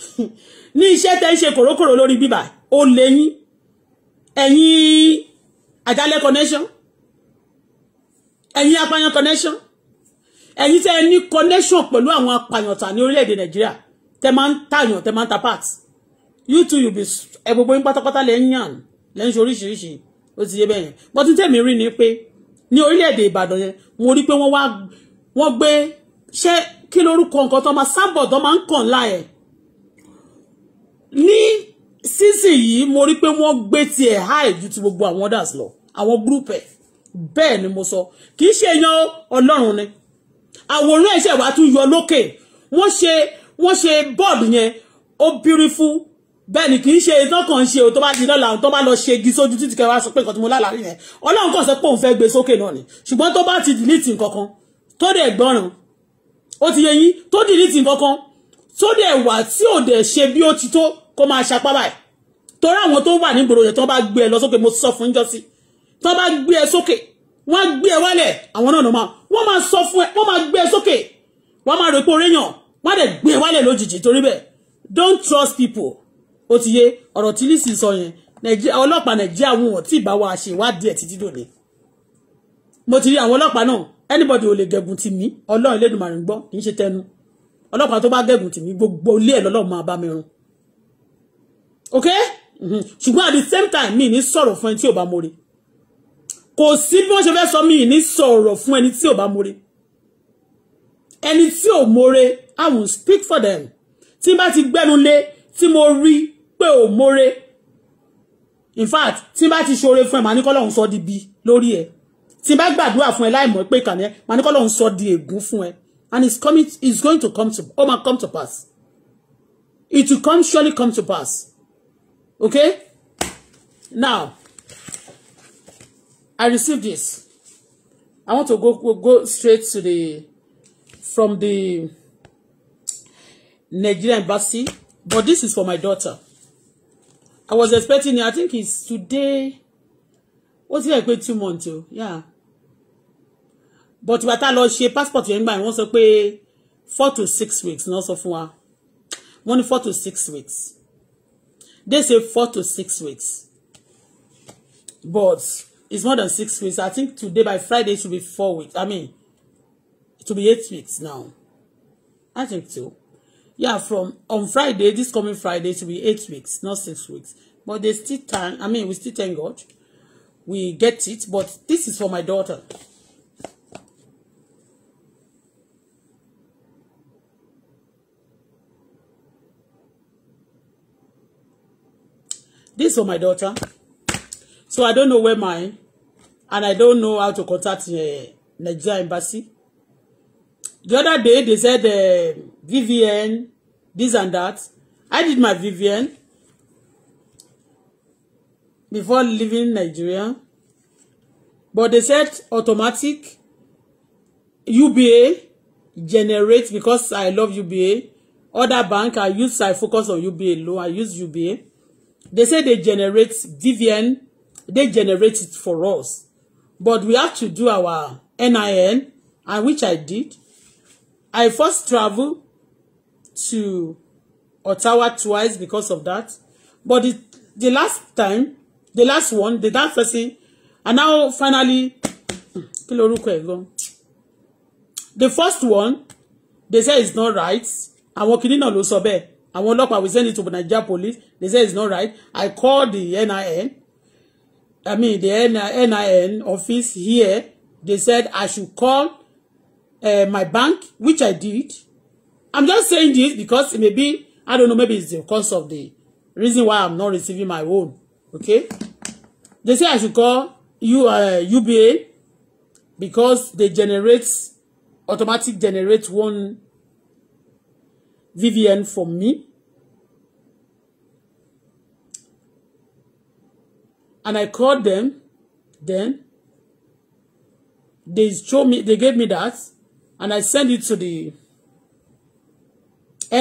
[SPEAKER 1] ní iṣẹ́ tẹ ń ṣe kòrókòrò lórí bíbà ó lè yín ẹ̀yin connection ẹ̀yin apàyàn connection ẹ̀yin tẹ́ ní connection pẹ̀lú àwọn apàyàntà ní orílẹ̀-èdè nàìjíríà tẹ́ máa ń tààyàn tẹ́ máa ń ta part you too you be ẹ gbogbo yín pátápátá lẹ́ ń yàn lẹ́ oríṣiríṣi ó ti yé bẹ́ẹ̀ yẹn bọ́tí tèmi rí ni pé ní orílẹ̀-èdè ìbàdàn yẹn mo rí pé wọ́n wá wọ́n gbé ṣé kí lórúkọ nǹkan tó máa sábọ̀ tó máa ń kàn láẹ̀ ní season yìí mo rí pé wọ́n gbé tiẹ̀ high ju ti gbogbo àwọn others lọ àwọn group ẹ̀ bẹ́ẹ̀ ni mo sọ kì í ṣe yan ọlọ́run ni àwòrán ẹ̀ṣẹ̀ wa tún yọ lókè wọ́n ṣe wọ́n ṣe bọ́ọ̀lù yẹn ó beautiful bẹ́ẹ̀ ni kì í ṣe iná kan ṣe o tó bá di lọ́la tó bá lọ ṣe igi sójú títí kẹwàá sọ pé nǹkan tí mo lálàá rí yẹn ọlọ́run kàn sọ pé òun fẹ́ gbé sókè náà ni ṣùgbọ́n tó bá ti dìlítì nǹkankan tó dẹ̀ gbọ́ràn ó ti yẹ yín tó dìlítì nǹkankan tó dẹ̀ wà tí ò dẹ̀ ṣe bí ó ti tó kó máa ṣapá báyìí torí àwọn tó wà nígboro yẹn tó bá gbé ẹ lọ sókè mo sọ fún jọ́sí tó bá gbé ẹ sókè wọ́n gbé ẹ wálẹ̀ àwọn náà máa wọ́n máa sọ fún ẹ wọ́n máa gbé ẹ sókè wọ́n máa rò pé oréyàn wọ́n don't trust people ó ti yé ọ̀rọ̀ tí Lizzy sọ yẹn ọlọ́pàá nàìjíríà wọn ò tí ì bá wa ṣèwádìí ẹ̀ títí dòní mo ti rí àwọn ọlọ́pàá náà anybody ò lè gẹ̀gùn tì mí ọlọ́run lẹ́dùnmarè ń gbọ́ kì í ṣe tẹnu ọlọ́pàá tó bá gẹ̀gùn tì gbogbo ilé ẹ̀ lọ́lọ́run máa bá mi run ok mhm. ṣùgbọ́n at the same time mi ni sọ̀rọ̀ fún ẹni tí ò bá mọ̀re kò sí bí wọ́n ṣe fẹ́ sọ mi ní sọ̀rọ̀ fún ẹni tí ò bá mọ̀re ẹni tí ò mọ̀re I will speak for them tí n bá ti gbẹ́nu lé tí mo rí pé ò mórè in fact tí n bá ti ṣoore fún ẹ màá ní kọ́lọ́hún sọ di bi lórí ẹ tí n bá gbàdúrà fún ẹ láìmọ̀ pé kàní màá ní kọ́lọ́hún sọ di ègún fún ẹ and it's coming it's going to come to ó máa come to pass it will come surely come to pass okay now I received this I want to go go, go straight to the from the Nigeria embassy but this is for my daughter I was expecting it. I think it's today. What's it like? pé two months o. Yeah. But what I lost, she passport yẹn gbà wọ́n sọ pé four to six weeks náà so far. One four to six weeks. They say four to six weeks. But it's more than six weeks. I think today by Friday it should be four weeks. I mean, it will be eight weeks now. I think so yeah from on friday this coming friday it will be eight weeks not six weeks but they still thank i mean we still thank god we get it but this is for my daughter this is for my daughter so i don't know where mine and i don't know how to contact the uh, Nigeria embassy the other day they said uh, VVN, this and that. I did my VVN before leaving Nigeria. But they said automatic UBA generates because I love UBA. Other bank, I use, I focus on UBA low. I use UBA. They say they generate VVN. They generate it for us. But we have to do our NIN, and which I did. I first travel to Ottawa twice because of that. But the, the last time, the last one, the last person, and now finally, the first one, they say it's not right. Àwọn kìíní náà ló sọ bẹ́ẹ̀. look. I will send it to the Nigeria police. They say it's not right. I called the NIN. I mean the NIN office here. They said I should call uh, my bank, which I did. I'm just saying this because maybe, I don't know, maybe it's because of the reason why I'm not receiving my own. Okay? They say I should call you uh, UBA because they generate, automatic generate one VVN for me. And I called them. Then they showed me, they gave me that, and I sent it to the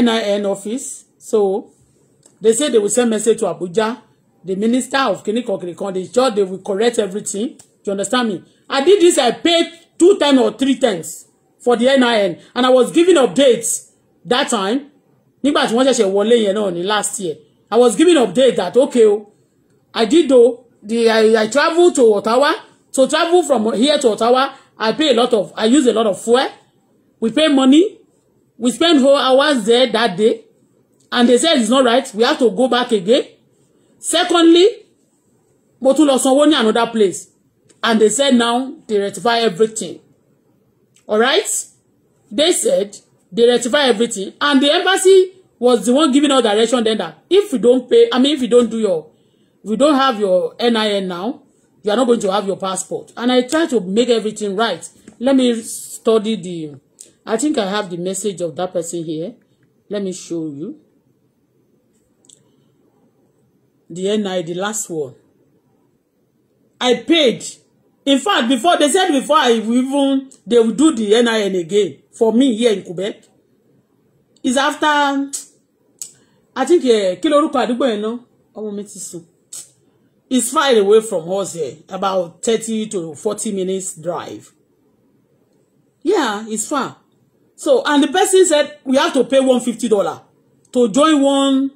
[SPEAKER 1] NIN office. So they say they will send message to Abuja, the minister of Kiniko Kinikon. They sure they will correct everything. Do you understand me? I did this, I paid two times or three tens for the NIN. And I was giving updates that time. Nígbà to say one wọlé yẹn náà ní last year. I was giving update that, okay, I did though. The, I, I traveled to Ottawa. so travel from here to Ottawa, I pay a lot of, I use a lot of fuel. We pay money we spend whole hours there that day and they said it's not right we have to go back again secondly mo tún lọ sanwó another place and they said now they rectify everything All right, they said they rectify everything and the embassy was the one giving us direction then that if you don't pay I mean if you don't do your if you don't have your NIN now you are not going to have your passport and I try to make everything right let me study the I think I have the message of that person here. Let me show you. The NI, the last one. I paid. In fact, before they said before I even they would do the NIN again for me here in Quebec. Is after I think yeah, kí lorúkọ àdúgbò yẹn náà ọmọ mi ti sùn. It's far away from us here, about thirty to forty minutes drive. Yeah, it's far. So, and the person said, we have to pay $150 to join one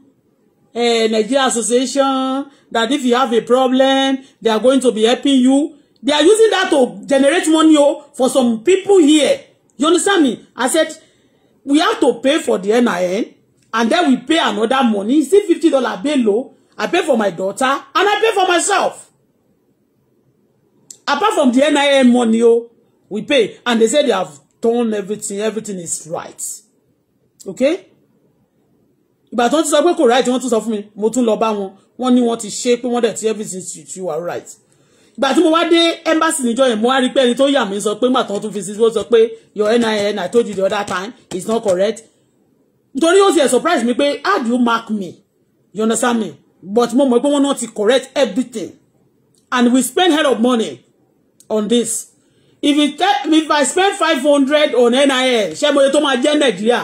[SPEAKER 1] uh, Nigeria association that if you have a problem, they are going to be helping you. They are using that to generate money oh, for some people here. You understand me? I said, we have to pay for the NIN and then we pay another money. Still $50 below. I pay for my daughter and I pay for myself. Apart from the NIN money, oh, we pay. And they said they have turn everything everything is right okay ìgbà tí wọ́n ti sọ pé kò right wọ́n tún sọ fún mi mo tún lọ bá wọn wọ́n ní wọ́n ti ṣe pé wọ́n dẹ̀ ti everything ti ti wà right ìgbà tí mo wá dé embassy níjọ́ yẹn mo wá rí pé ẹni tó yà mí sọ pé nígbà tún fi sí sọ pé your NIN I told you the other time is not correct nítorí ó ti ẹ̀ surprise mi pé how do you mark me you understand me but mo mọ̀ pé wọ́n náà ti correct everything and we spend a lot of money on this if you tell if I spend five hundred on NIN ṣé mo yẹ tó máa jẹ́ Nàìjíríà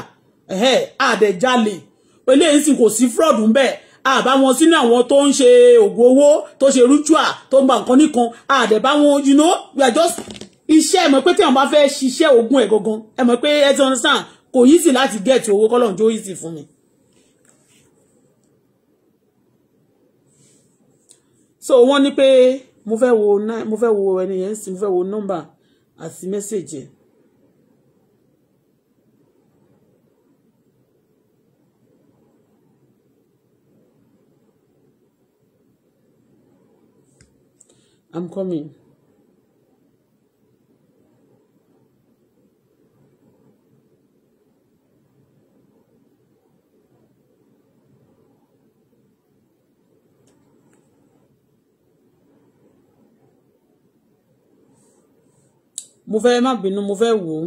[SPEAKER 1] àdẹ̀jálè eléyìí sì kò sí fraud ń bẹ̀ àbá wọn sínú àwọn to ń ṣe ògùn owó tó ṣe ritual tó ń gba nǹkan nìkan àdẹ̀bá wọn you know we are just iṣẹ́ ẹ̀ mọ̀ pé tí àwọn bá fẹ́ ṣiṣẹ́ ogun ẹ̀ gangan ẹ̀ mọ̀ pé ẹ ti understand kò easy láti get owó kọ́lọ́n jó easy fún mi. so wọ́n ní pé mo fẹ́ wo mo fẹ́ wo ẹni yẹn sì mo fẹ́ wo nọ́mbà àti mẹ́sẹ̀jì I'm coming. mo fẹ́ má bínú mo fẹ́ wò ó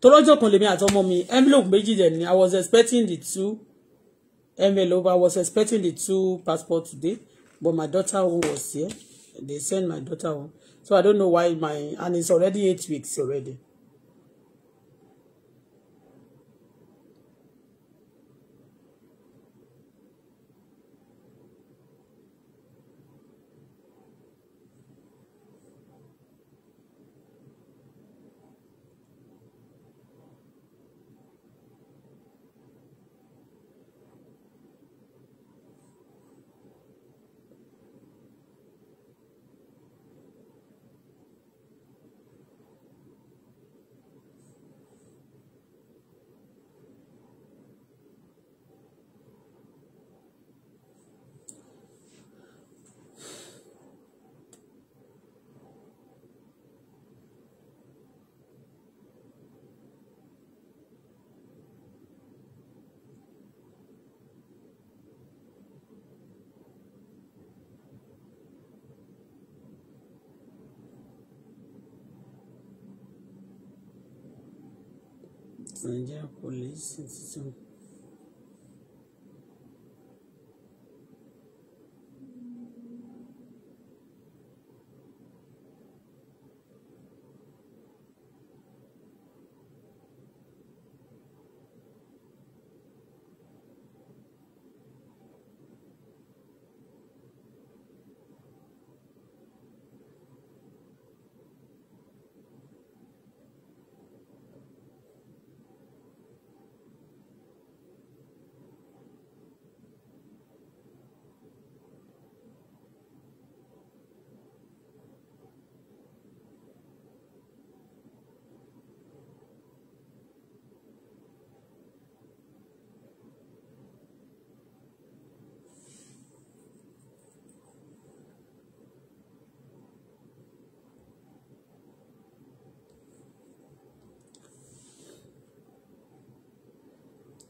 [SPEAKER 1] tọ́lọ́jọ́ kan lèmi àtọmọ mi envelope méjì dẹ̀ ni i was expecting the two envelope i was expecting the two passport today but my daughter one was here they sent my daughter one so i don't know why my and it's already eight weeks already 绿色。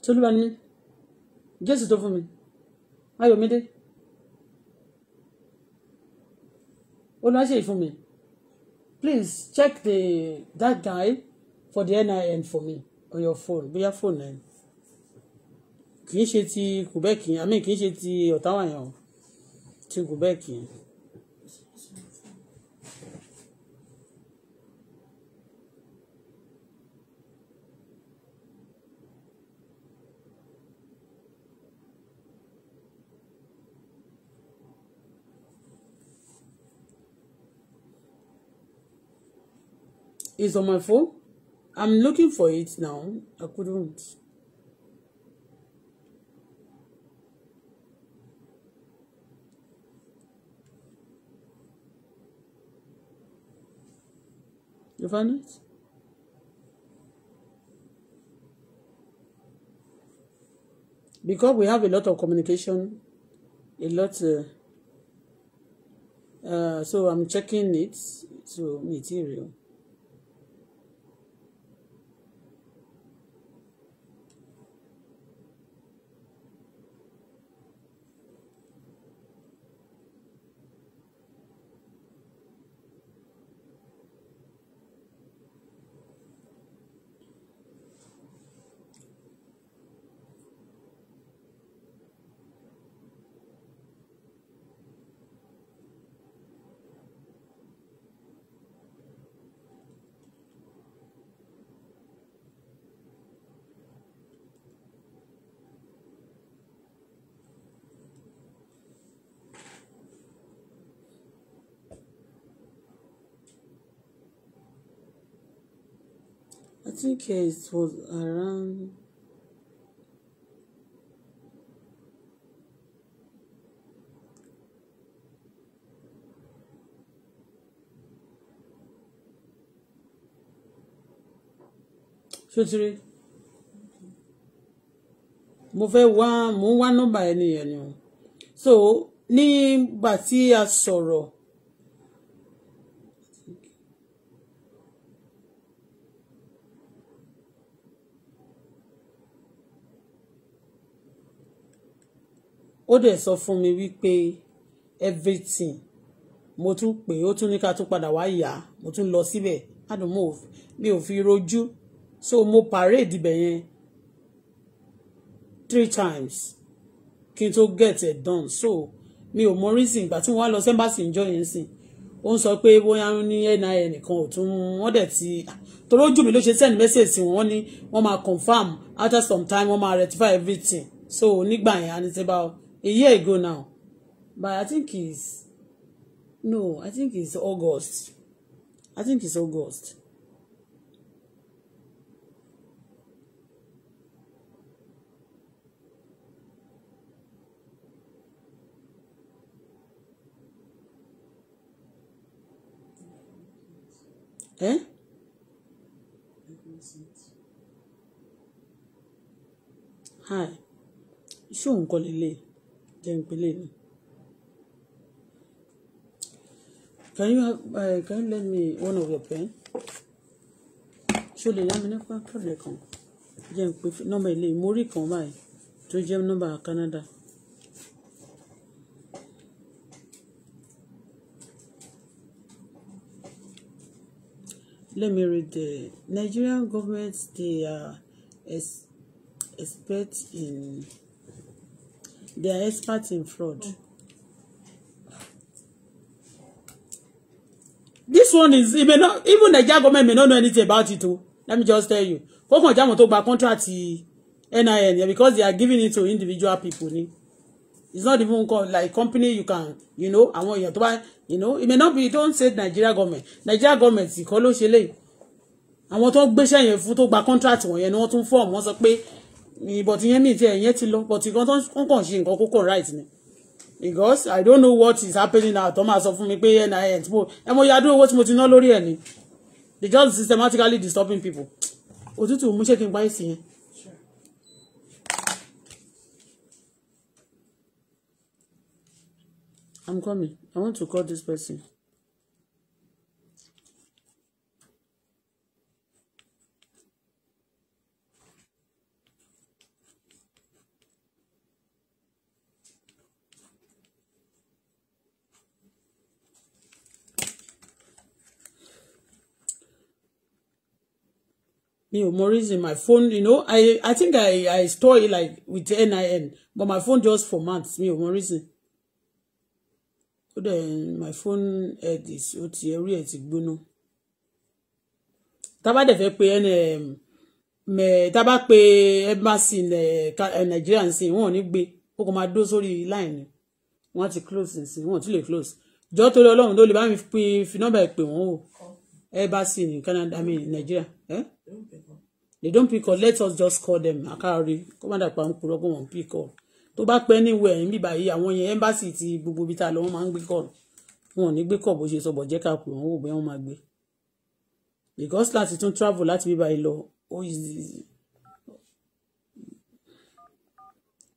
[SPEAKER 1] tolúwa ni mí jésù tó fún mi ayọ̀mídé olùwàṣẹ ìfún mi please check the that guy for the NIN for me on your phone bóyá phone ẹ kì í ṣe ti kùbẹ́ẹ̀kì àmì kì í ṣe ti ọ̀táwà yẹn ti kùbẹ́ẹ̀kì yẹn. Is on my phone. I'm looking for it now. I couldn't. You found it? Because we have a lot of communication, a lot. Uh, uh, so I'm checking it to material. think it was around. sotire mo fẹ́ wá mo ń wá nọ́mbà ẹni yẹn ni o so nígbà tí a sọ̀rọ̀. ó dẹ̀ sọ fún mi wípé everything mo tún pè ó tún ní ká tún padà wá yá mo tún lọ síbẹ̀ àdùnmọ́ mi ò fi rojú so mo parade ibẹ̀ yẹn three times kí n tó get it done so mi ò mọ reason ìgbà tí wọ́n wá lọ sẹ́mbàsì ìjọ yẹn sìn ó ń sọ pé bóyá ń ní NIN nìkan ò tún wọ́n dẹ̀ ti torójú mi ló ṣe send message sí wọn ní wọ́n máa confirm after some time wọ́n máa rectify everything so nígbà yẹn a ní ti a year ago now but I think it's no I think it's August I think it's August. Eh? Hi. Ṣé òun kọ́ lélẹ̀? jẹ́ ni. Can you have, uh, can you lend me one of your pen? Ṣo lè yá mi ní pàkàlẹ̀ kan? Jẹ́ ìpè nọ́mbà ilé ìmórí kan báyìí tó jẹ́ nọ́mbà Canada. Let me read the Nigerian government they are uh, ex in They are experts in fraud. Hmm. This one is it may not even Nigeria government may not know anything about it too. Oh. Let me just tell you. Kókàn jámọ̀ tó gba contract NIN because they are giving it to individual people ni. It's not even like company you can you know I want you to buy you know it may not be don't say Nigeria government Nigeria government ìkọ́ ló ṣe léyìí. Àwọn tó gbéṣẹ́ yẹn fún you gba contract wọ̀nyẹn ni wọ́n tún fọ́ọ̀mù wọ́n but ìyẹn mi tiẹ̀ ìyẹn ti lọ but nǹkan tó ń kàn ṣe nǹkan kókó right ni because i don't know what is happening now tó máa sọ fún mi pé nin tí mo ẹ mo yàdú owó tí mo ti ná lórí ẹ̀ ni they just systematically disturbing people òtútù mú ṣé kí n pa èsì yẹn. I'm coming. I want to call this person. mi ò mọ reason my phone you know i i think i i store it like with NIN but my phone just format mi ò mọ reason ó dẹ̀ my phone edis ó ti orí ẹ̀ e ti gbóná tábà dẹ̀ fẹ́ pe nm mẹ tábà pe embassy nàìjíríà eh, Nigeria sìn wọn ò ní gbé ó kò máa do sórí line wọn ti close ń sìn wọn ò tún close jọ́ torí ọlọ́run ló lè bá mi pin fi nọ́mbà ẹ̀ pè wọ́n o embassy in Canada, I mean Nigeria. Eh? They don't pick up. Let us just call them. Akari, Commander Pankuro, go on pick up. Tó bá pẹ́ anywhere, níbi báyìí àwọn yẹn embassy ti gbogbo ibi tá lọ wọ́n máa ń gbé call. Wọn ò ní gbé call bó ṣe sọ bọ̀ jẹ́ ká pè wọ́n wò bóyá wọ́n máa gbé. Because láti tún travel láti bí báyìí lọ, ó yìí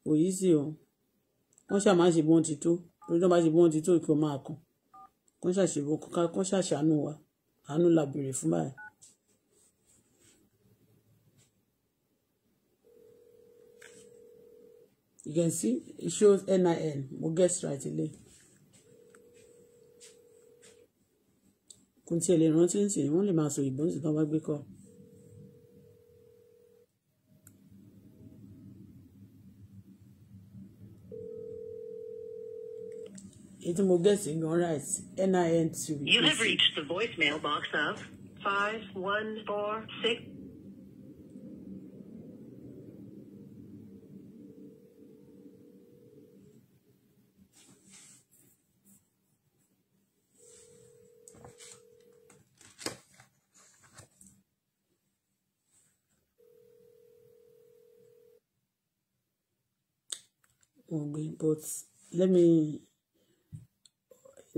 [SPEAKER 1] kò yí sí o wọ́n ṣáà máa ṣe bí wọ́n ti tó torí wọ́n bá ṣe bí wọ́n ti tó ìpè ọmọ àkàn kọ́ńṣàṣe kọ́ńṣàṣàánú wa àánú la béèrè fún báyìí. You can see it shows NIN mo guess right ilé kò tiẹ̀ lè rántí ní tìǹbù wọ́n lè máa sọ ìbọn tí wọ́n bá gbé kọ́. ètò mo gẹ̀ẹ́sì gan right NIN to replace. You have reached
[SPEAKER 2] the voicemail box of five one four six.
[SPEAKER 1] but let me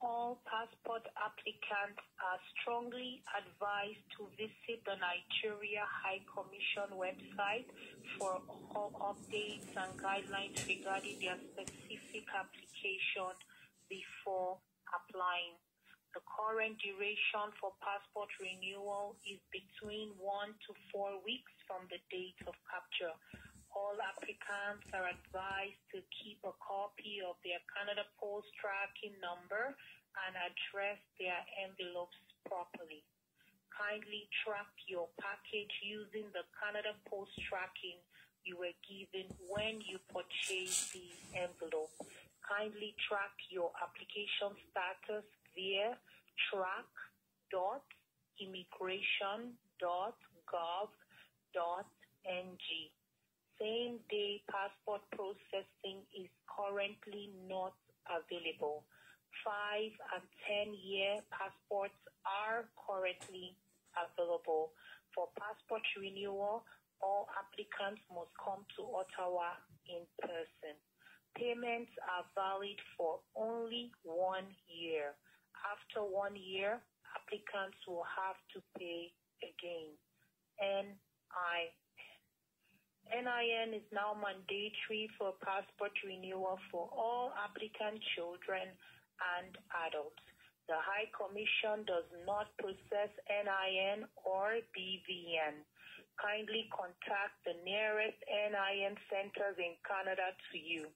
[SPEAKER 2] all passport applicants are strongly advised to visit the Nigeria High Commission website for all updates and guidelines regarding their specific application before applying. The current duration for passport renewal is between one to four weeks from the date of capture all applicants are advised to keep a copy of their Canada Post tracking number and address their envelopes properly. Kindly track your package using the Canada Post tracking you were given when you purchased the envelope. Kindly track your application status via track.immigration.gov.ng same day passport processing is currently not available. Five and 10 year passports are currently available. For passport renewal, all applicants must come to Ottawa in person. Payments are valid for only one year. After one year, applicants will have to pay again. NI NIN is now mandatory for passport renewal for all applicant children and adults. The High Commission does not process NIN or BVN. Kindly contact the nearest NIN centers in Canada to you.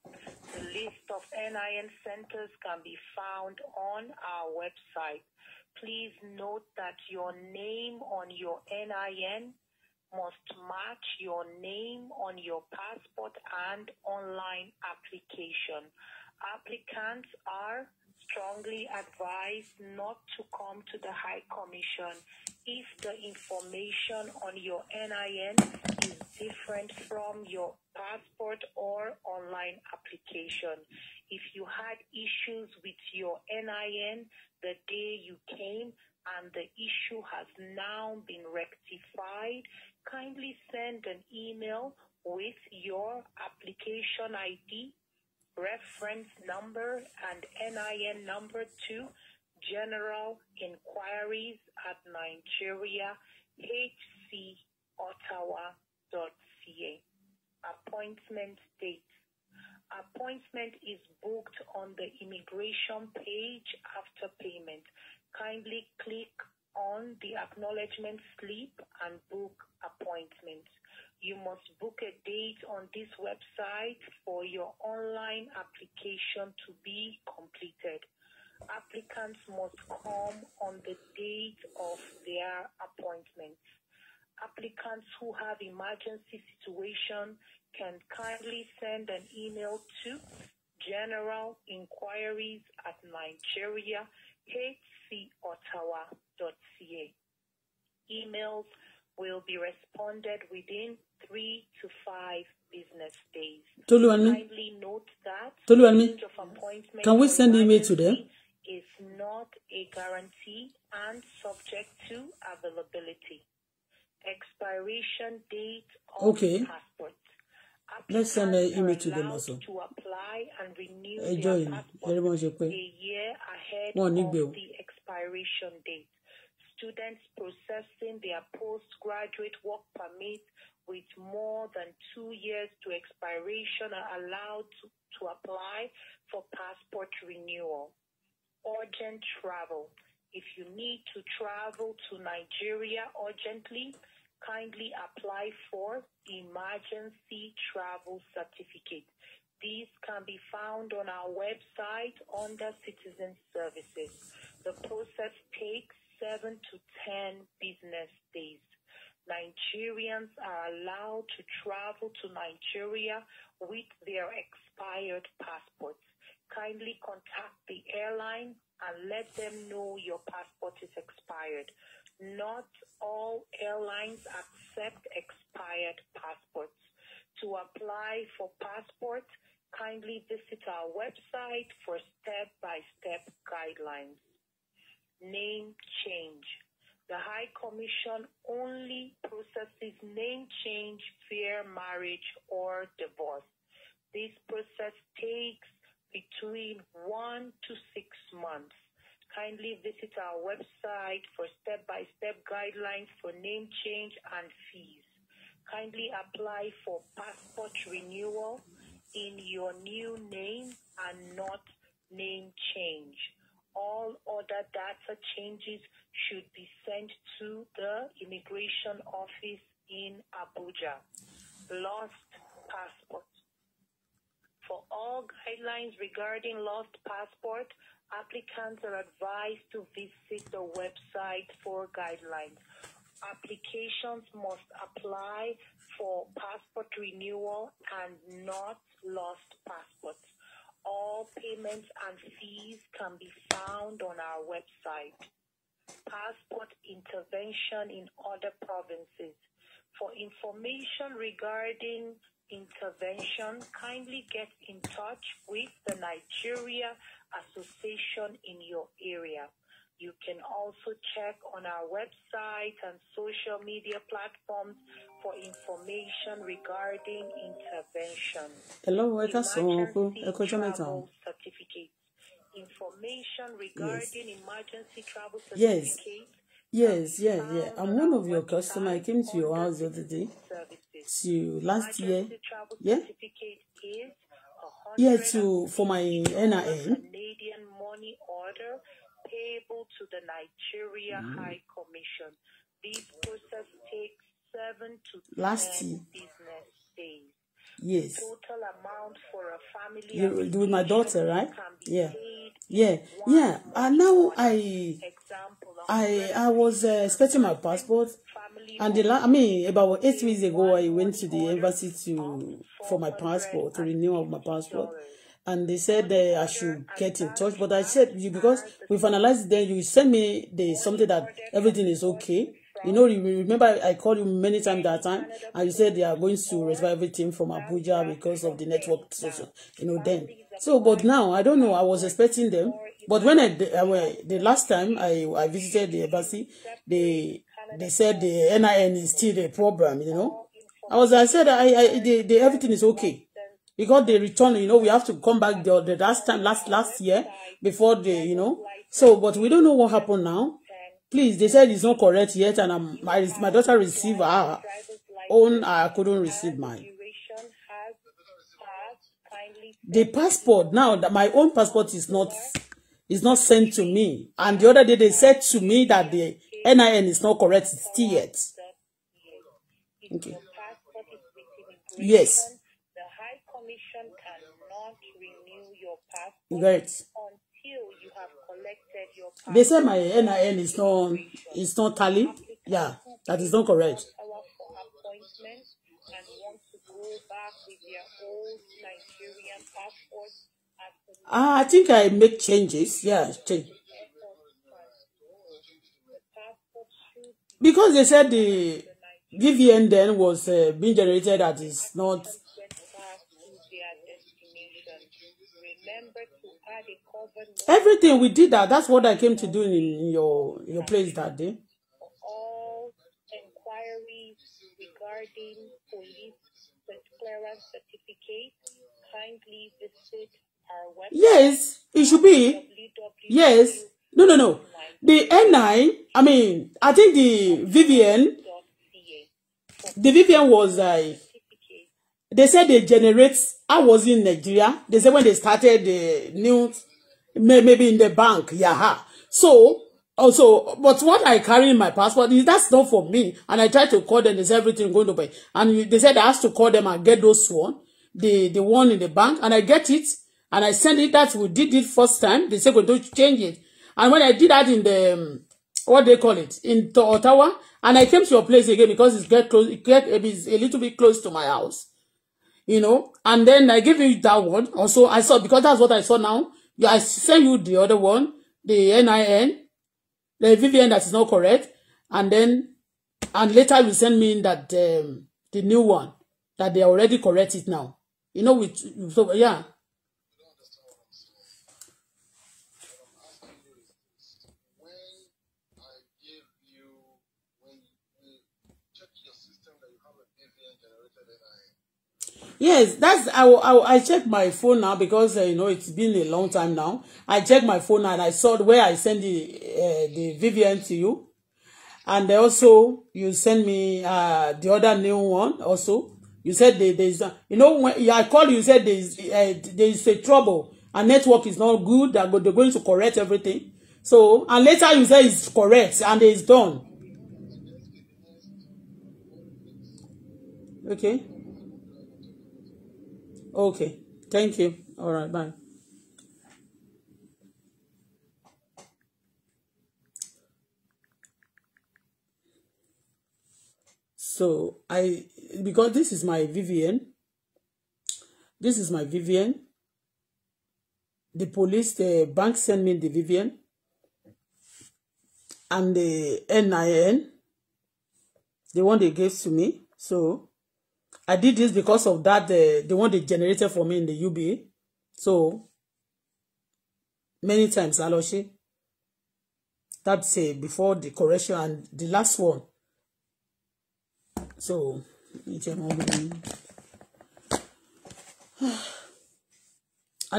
[SPEAKER 2] The list of NIN centers can be found on our website. Please note that your name on your NIN must match your name on your passport and online application. Applicants are strongly advised not to come to the High Commission if the information on your NIN is different from your passport or online application. If you had issues with your NIN the day you came and the issue has now been rectified, kindly send an email with your application ID, reference number, and NIN number to General Inquiries at Nigeria HC Ottawa.ca. Appointment date. Appointment is booked on the immigration page after payment. Kindly click on the acknowledgement slip and book appointments. You must book a date on this website for your online application to be completed. Applicants must come on the date of their appointments. Applicants who have emergency situation can kindly send an email to general inquiries at Nigeria HC Ottawa www.ecom.ca. Emails will be responded within three to five
[SPEAKER 1] business days. Toluwani, kindly note that Toluwani, range of appointment can we send email to them? Is not a guarantee and subject
[SPEAKER 2] to availability. Expiration date of okay. passport. Let's send an email to them also. To apply and renew Enjoy. their passport a year ahead of the expiration date. students processing their postgraduate work permit with more than two years to expiration are allowed to, to apply for passport renewal. Urgent travel. If you need to travel to Nigeria urgently, kindly apply for emergency travel certificate. These can be found on our website under Citizen Services. The process takes 7 to 10 business days. Nigerians are allowed to travel to Nigeria with their expired passports. Kindly contact the airline and let them know your passport is expired. Not all airlines accept expired passports. To apply for passport, kindly visit our website for step-by-step guidelines name change. The High Commission only processes name change, fair marriage, or divorce. This process takes between one to six months. Kindly visit our website for step by step guidelines for name change and fees. Kindly apply for passport renewal in your new name and not name change all other data changes should be sent to the immigration office in Abuja. Lost passport. For all guidelines regarding lost passport, applicants are advised to visit the website for guidelines. Applications must apply for passport renewal and not lost passports all payments and fees can be found on our website. Passport intervention in other provinces. For information regarding intervention, kindly get in touch with the Nigeria Association in your area. You can also check on our website and social media platforms for information regarding intervention.
[SPEAKER 1] Hello, emergency certificate.
[SPEAKER 2] Information regarding yes. emergency travel certificates.
[SPEAKER 1] Yes. Yes, yes, yeah. I'm one of your customers. I came to your house the other day. To last year. Yeah. Yeah, to for my NIN.
[SPEAKER 2] Canadian money order payable to the Nigeria mm. High Commission. This process takes seven to Last ten year. business
[SPEAKER 1] days. Yes. Total amount for a family. You do my daughter, right? Yeah. Yeah. Yeah. And now I, I, I was uh, expecting my passport, and the la- I mean about eight weeks ago I went to the embassy to for my passport to renew of my passport and they said uh, I should get in touch. But I said you because we finalized then you send me the something that everything is okay. You know, you remember I called you many times that time, and you said they are going to retrieve everything from Abuja because of the network. Social, you know, then. So, but now I don't know. I was expecting them, but when I, I the last time I I visited the embassy, they they said the NIN is still a problem. You know, I was I said I I the, the everything is okay because they return you know we have to come back the, the last time last last year before the you know so but we don't know what happened now please they said it's not correct yet and I'm, my my daughter received her own I couldn't receive mine the passport now that my own passport is not is not sent to me and the other day they said to me that the NIN is not correct still yet okay yes
[SPEAKER 2] You get it? They say my NIN is
[SPEAKER 1] not is not tally. Yeah, that is not correct. Ah, I think I make changes. Yeah, change. Because they said the VVN then was uh, being generated that is not Everything we did that. That's what I came to do in, in your your place that day. All inquiries regarding police
[SPEAKER 2] clearance certificate, kindly visit our website. Yes,
[SPEAKER 1] it should be. Yes. No, no, no. The N9, I mean, I think the Vivian. the Vivian was like they said they generate i was in nigeria they said when they started the new maybe in the bank Yeah, so also but what i carry in my passport is that's not for me and i tried to call them is everything going to be? and they said i has to call them and get those one the the one in the bank and i get it and i send it that we did it first time they said we don't change it and when i did that in the um, what they call it in Ottawa and i came to your place again because it's get close it get it's a little bit close to my house you know and then i give you that one also i saw because that's what i saw now yeah, i send you the other one the nin the vvn that is not correct and then and later you send me that um, the new one that they already correct it now you know with so yeah Yes, that's I, I I check my phone now because uh, you know it's been a long time now. I check my phone and I saw where I send the uh, the VVN to you, and also you send me uh, the other new one also. You said there is you know when I called you said there uh, there is a trouble and network is not good. They're going to correct everything. So and later you say it's correct and it's done. Okay. Okay. Thank you. All right. Bye. So I because this is my Vivian. This is my Vivian. The police, the bank sent me the Vivian and the NIN, the one they gave to me. So I did this because of that uh, the one they generated for me in the UBA so many times I lost that's uh, eh, before the correction and the last one so and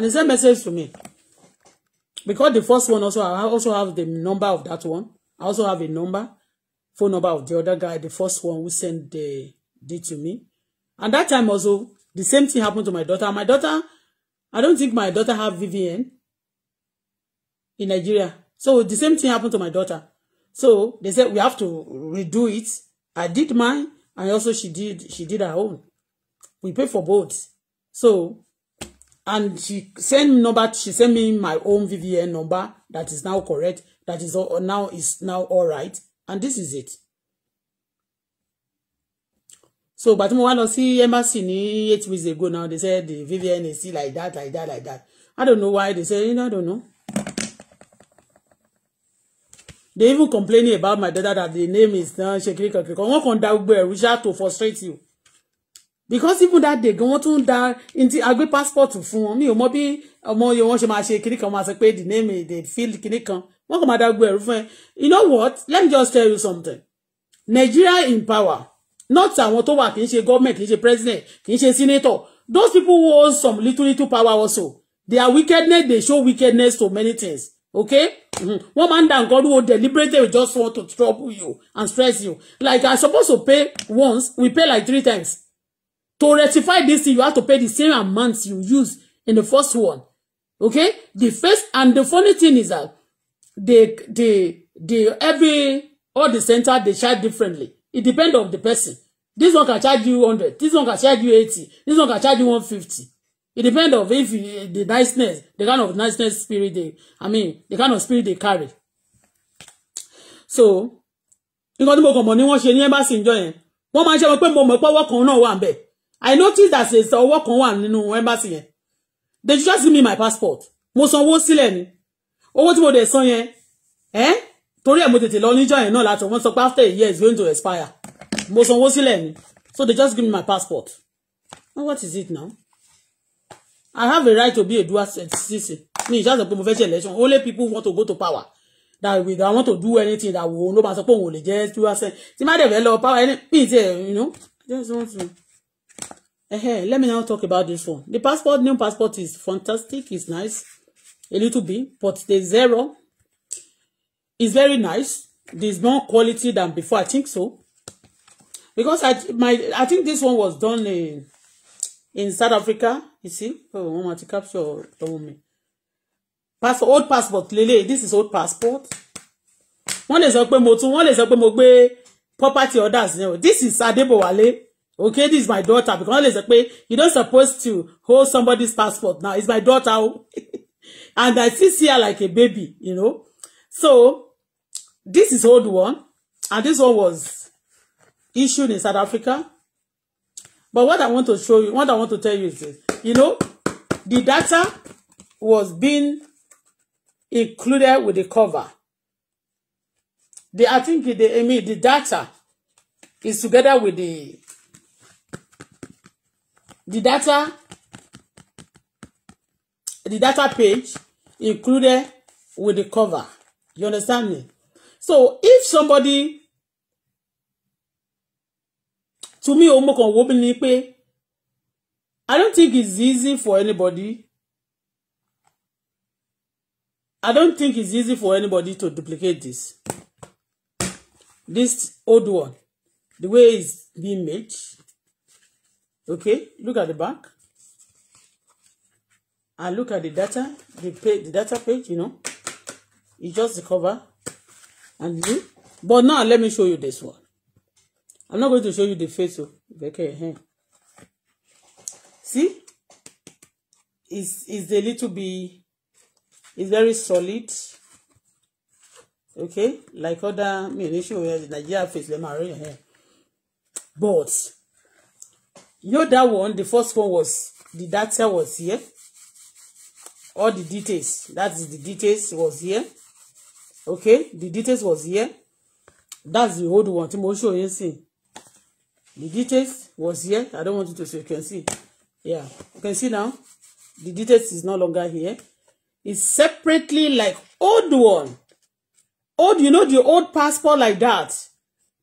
[SPEAKER 1] the same message to me because the first one also I also have the number of that one I also have a number phone number of the other guy the first one who sent the deed to me And that time also, the same thing happened to my daughter. My daughter, I don't think my daughter have VVN in Nigeria. So the same thing happened to my daughter. So they said we have to redo it. I did mine, and also she did she did her own. We paid for both. So, and she sent number. She sent me my own VVN number that is now correct. That is all, now is now all right. And this is it so ìgbà tí mo wá lọ sí embassy ní eight weeks ago now they said the vvn is still like that like that like that i don't know why they say you know i don't know they even complaining about my daughter that the name is na shekiri kankan wọn kàn da gbogbo ẹrú ṣá to frustrate you because even that day gan wọn tún da nti agbe passport fún wọn mi ò mọ bí ọmọ yẹn wọn ṣe máa ṣe kiri kan máa sọ pé the name dey fill kiri kan wọn kàn máa da gbogbo ẹrú fún ẹ you know what let me just tell you something Nigeria in power not àwọn tó wà kì í ṣe government kì í ṣe president kì í ṣe senator those people who hold some little little power also their wickedness dey show wickedness to many things okay one man down God will deliberately just want to trouble you and stress you like I suppose to pay once we pay like three times to rectify this thing you have to pay the same amount you use in the first one okay the first and the funny thing is that the the the every all the center they charge differently It depends on the person. This one can charge you 100. This one can charge you 80. This one can charge you 150. It depends on if the niceness, the kind of niceness spirit they, I mean, the kind of spirit they carry. So, nǹkan tí mo kàn mọ̀ ni wọ́n ṣe ní embassy ìjọ yẹn wọ́n máa ń ṣe wọn pé mo mọ̀ pé ọwọ́ I noticed that ṣe ọwọ́ kan wà embassy they just give me my passport mo sanwó sílẹ̀ ni owó tí mo dẹ̀ san yẹn torí ẹ̀ mo tètè lọ níjọ́ yẹn náà láti wọ́n sọ pé after a year it's going to expire mo sanwó sílẹ̀ ni so they just give me my passport and what is it now I have a right to be a dual citizen ní ìjà sọ pé mo fẹ́ ṣe election only people want to go to power that we that want to do anything that we ló máa sọ pé òun ò lè jẹ́ dual citizen tí má dẹ̀ fẹ́ lọ power any pin you know I just want to. Uh -huh. Let me now talk about this one. The passport, new passport is fantastic, it's nice, a little bit, but the zero Is very nice. There's more quality than before. I think so. Because I my I think this one was done in in South Africa. You see? Oh, wọ́n máa ti capture ọwọ́ mi. Passport, old passport. Lele, this is old passport. One is sọ pé mo tún, wọ́n lè property orders. This is Adebowale. Okay, this is my daughter. Because wọ́n lè sọ you don't supposed to hold somebody's passport now. It's my daughter. Oh. and I still see her like a baby, you know. So This is old one, and this one was issued in South Africa. But what I want to show you, what I want to tell you is this. You know, the data was being included with the cover. The, I think the, I mean, the data is together with the the data the data page included with the cover. You understand me? so if somebody to me o mo kàn wò ni pé I don't think it's easy for anybody I don't think it's easy for anybody to duplicate this this old one the way it's being made okay look at the back and look at the data the page the data page you know it's just the cover and me. But now let me show you this one. I'm not going to show you the face of oh. Becca. See? It's, it's a little bit, it's very solid. Okay? Like other me munition where the Nigeria face, let me array here. But, you know that one, the first one was, the data was here. All the details, that is the details was here okay the details was here that's the old one tí mo show you see. the details was here i don't want you to see you can see yeah you can see now the details is no longer here it's separately like old one old you know the old passport like that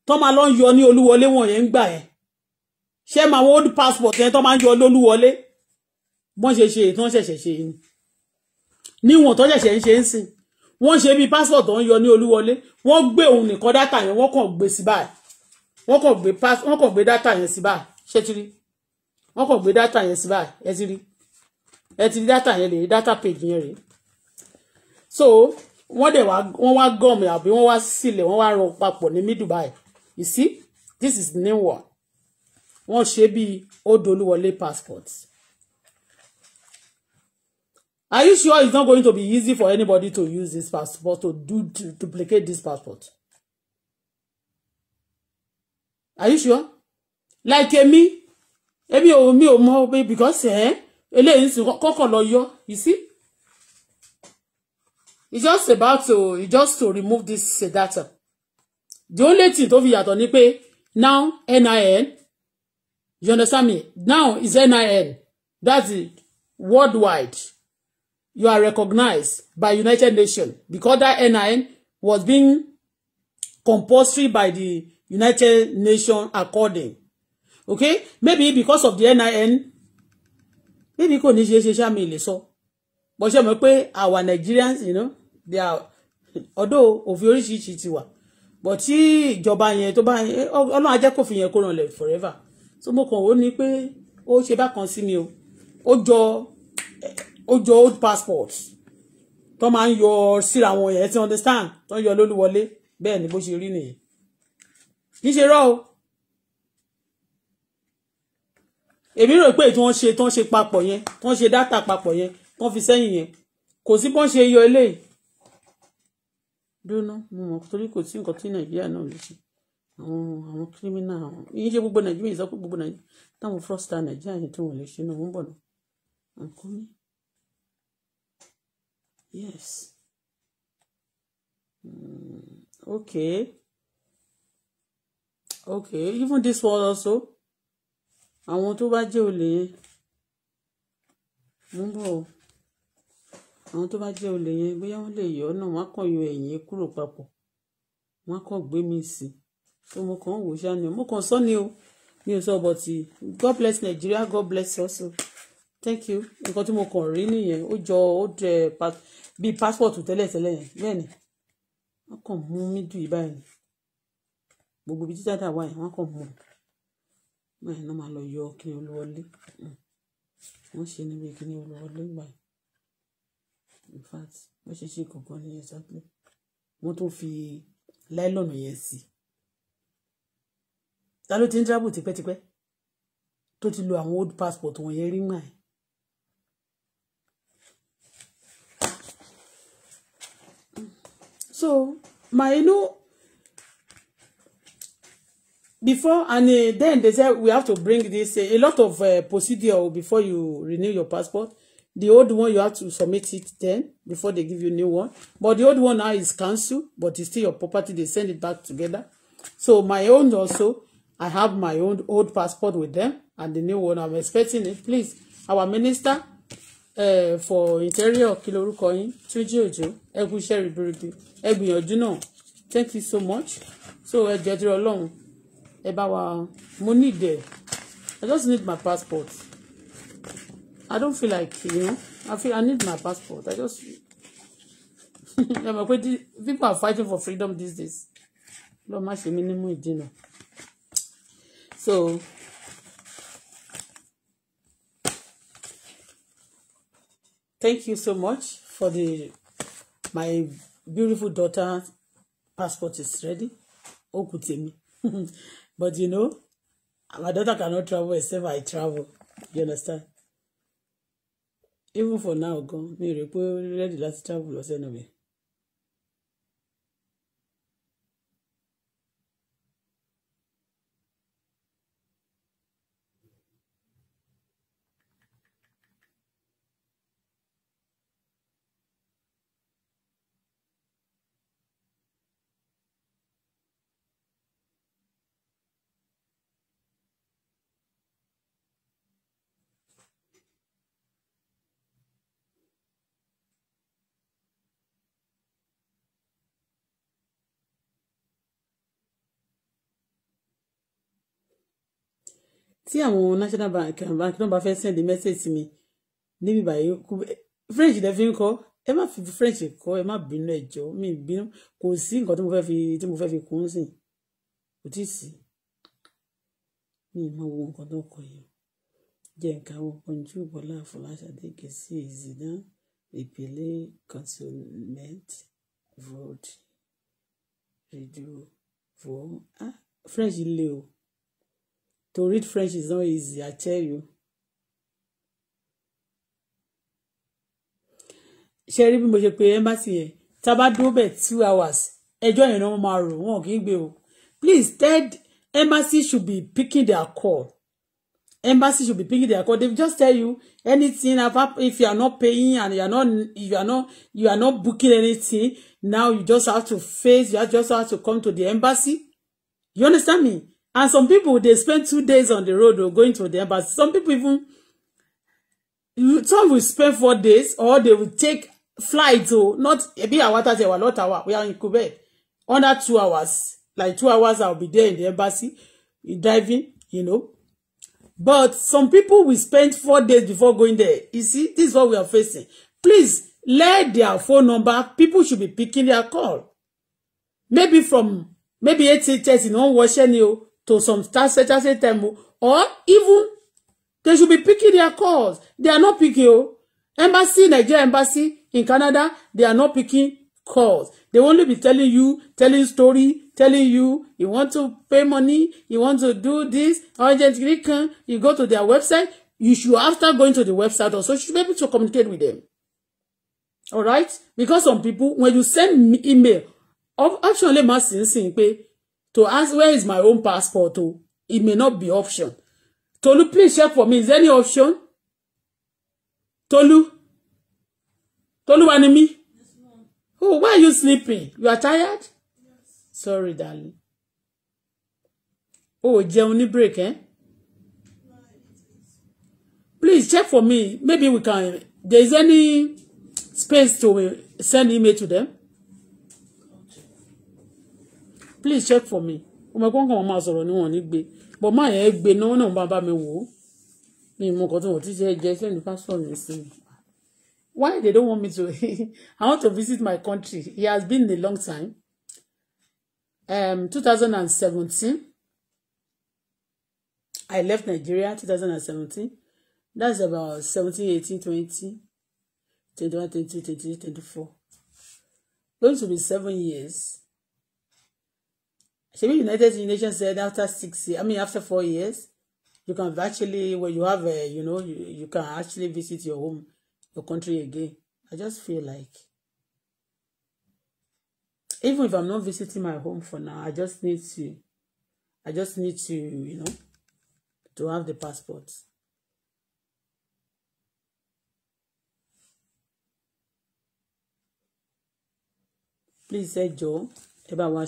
[SPEAKER 1] Tom máa lọ ń yọ ní olúwọlé wọn yẹn my old passport yẹn tó máa ń yọ lólúwọlé wọn ṣe ṣe èyí tó ń Ni ṣe to níwọ̀n tó ṣẹ̀ṣẹ̀ ń wọ́n ṣe bí passport tó ń yọ ní olúwọlé wọ́n gbé òun nìkan dátà yẹn wọ́n kàn gbé sí báyìí wọ́n kàn pass wọ́n kàn gbé dátà yẹn sí báyìí ṣé ti rí wọ́n kàn gbé dátà yẹn sí báyìí ẹ ti rí ẹ ti rí dátà yẹn lè rí dátà page yẹn rèé so wọ́n dẹ̀ wá wọ́n wá gọ̀mù àbí wọ́n wá sílẹ̀ wọ́n wá ran papọ̀ ní mí Dubai you see this is new one wọ́n ṣe bí odò passports. Are you sure it's not going to be easy for anybody to use this passport to do to duplicate this passport? Are you sure? Like me, èmi ò mi ò mọ̀ pé because eh eléyìí sì kọ́kọ́ lọ yọ, you see? It's just about to it's just to remove this uh, data. The only thing tó fi yàtọ̀ ni pé now NIN you understand me? Now is NIN that's it worldwide you are recognized by United Nations because that NIN was being compulsory by the United Nations according. Okay? Maybe because of the NIN, maybe kò ní ṣe ṣe ṣá mi lè sọ. Bó our Nigerians, you know, they are although of oríṣiríṣi ti wà. But tí ìjọba yẹn tó bá yẹn, Ọlọ́run á jẹ́ kó fi yẹn kó ràn lẹ̀ forever. So mo kàn ó ní pé ó ṣe bákan sí mi o. Ó jọ ó old passport tó máa ń yọ síra wọn yẹn ti understand tó ń yọ lólúwọlé bẹ́ẹ̀ ni bó ṣe rí nìyẹn kì í ṣe rọ́ o èmi rò pé tí wọ́n ṣe tí wọ́n ṣe papọ̀ yẹn tí wọ́n ṣe dátà papọ̀ yẹn tí wọ́n fi sẹ́yìn yẹn kò sí bọ́n ṣe yọ eléyìí dúnà mo mọ̀ torí kò sí nǹkan tí nàìjíríà náà lè ṣe àwọn àwọn kírímínà àwọn yìí ṣe gbogbo nàìjíríà ìsọkú gbogbo nàìjíríà táwọn frosta nàìjíríà yẹn tí wọ́n lè ṣe náà wọ́n bọ̀ náà nǹkan mi. Yes. Mm, okay. Okay. Even this one also. I want to jẹ́ olè Mumbo. I want to o. Àwọn tó bá jẹ́ olè yẹn bóyá wọ́n lè yọ̀ ọ́ náà wọ́n á kàn yọ So mo kàn ń wò ni mo kàn sọ ni o. Mi ò sọ God bless Nigeria God bless also thank you nǹkan tí mo kàn rí nìyẹn ó jọ ó jẹ bí passport tẹ́lẹ̀tẹ́lẹ̀ yẹn bẹ́ẹ̀ ni wọ́n kàn mú mi dùn yìí báyìí gbogbo ibi títà dà wá yẹn wọ́n kàn mú un báyìí náà máa lọ yọ kí ni olúwọlé wọ́n ṣe níbi kí ni olúwọlé gbà yìí in fact wọ́n ṣe ṣe kankan ní exactly wọ́n tó fi láìlọ́nà yẹn sí ta ló ti ń travel tipẹ́tipẹ́ tó ti lo àwọn old passport wọ̀nyẹn rí mọ́ ẹ̀ So my you know before and uh, then they say we have to bring this uh, a lot of uh, procedure before you renew your passport the old one you have to submit it then before they give you new one but the old one now is cancelled but it's still your property they send it back together so my own also I have my own old passport with them and the new one I'm expecting it please our minister for interior kí lorúkọ yín tí ó jẹ́ òjò ẹ kú iṣẹ́ ribiribi ẹ gbìyànjú náà thank you so much so ẹ jẹ́ tí ọlọ́run ẹ bá wa mo need ẹ I just need my passport I don't feel like you know I feel I need my passport I just ẹ mọ̀ pé people are fighting for freedom these days lọ́ọ́ má ṣe mí nímú ìdínà so. Thank you so much for the my beautiful daughter passport is ready. Okutemi. But you know, my daughter cannot travel except I travel. You understand? Even for now, go. Me ready. Let's travel. Anyway. tí àwọn national bank bank náà bá fẹ́ send message sí mi níbi báyìí french lè fi ń kọ́ ẹ má fi french kọ́ ẹ má bínú ẹ jọ̀ọ́ mi bínú kò sí nǹkan tí mo fẹ́ fi tí mo fẹ́ fi kún sí kò tí ì sí mi ì mọ owó nǹkan tó kọ yìí jẹ́ nǹkan àwọn pọ̀njú bọ́lá àfọláṣadé gẹ̀ẹ́sì ìzìnà ìpele consonant vote rédíò fún ah, french lè o. To read French is not easy, I tell you. Ṣé rí bí mo ṣe pé embassy yẹn tá a bá dúró bẹ̀ two hours ẹjọ́ yẹn ni wọ́n máa rò wọn kì gbé o. Please third embassy should be picking their call. Embassy should be picking their call. They just tell you anything if you are not paying and you are not you are not you are not booking anything now you just have to face you just have to come to the embassy. You understand me? And some people, they spend two days on the road or oh, going to the embassy. Some people even, some will spend four days or they will take flight to oh, not, ebi awata se wa Not our. We are in Quebec. Under two hours, like two hours, I'll be there in the embassy, driving, you know. But some people will spend four days before going there. You see, this is what we are facing. Please, let their phone number, people should be picking their call. Maybe from, maybe 8 8 in one wash any to some certain temple or even they should be picking their calls. They are not picking. Oh. Embassy, Nigeria embassy in Canada, they are not picking calls. They only be telling you, telling story, telling you, you want to pay money, you want to do this, urgent Greekan, you go to their website. You should, after going to the website also, you should be able to communicate with them. All right? Because some people, when you send email, actually, ma sin sin to ask where is my own passport To oh, it may not be option Tolu please check for me is there any option Tolu Tolu wa ni mi yes, oh why are you sleeping you are tired yes. sorry darling oh, jẹun ní break eh please check for me maybe we can there is any space to send email to them please check for me ọmọ ẹ̀kọ́ kan máa sọ̀rọ̀ ni wọ́n ní gbé bọ̀ máa yẹn gbé náà náà bá bá mi wò ó mi mọ nǹkan tí ti ṣe jẹ́ sẹ́ni pásítọ̀ mi sí mi why they don't want me to I want to visit my country it has been a long time um, 2017 I left Nigeria 2017 that's about 17 18 20 21 22 23 24 going to be seven years Shebi United Nations said after six I mean after four years, you can actually, when you have a, you know, you, you can actually visit your home, your country again. I just feel like, even if I'm not visiting my home for now, I just need to, I just need to, you know, to have the passport. Please, say, Joe, about bá wa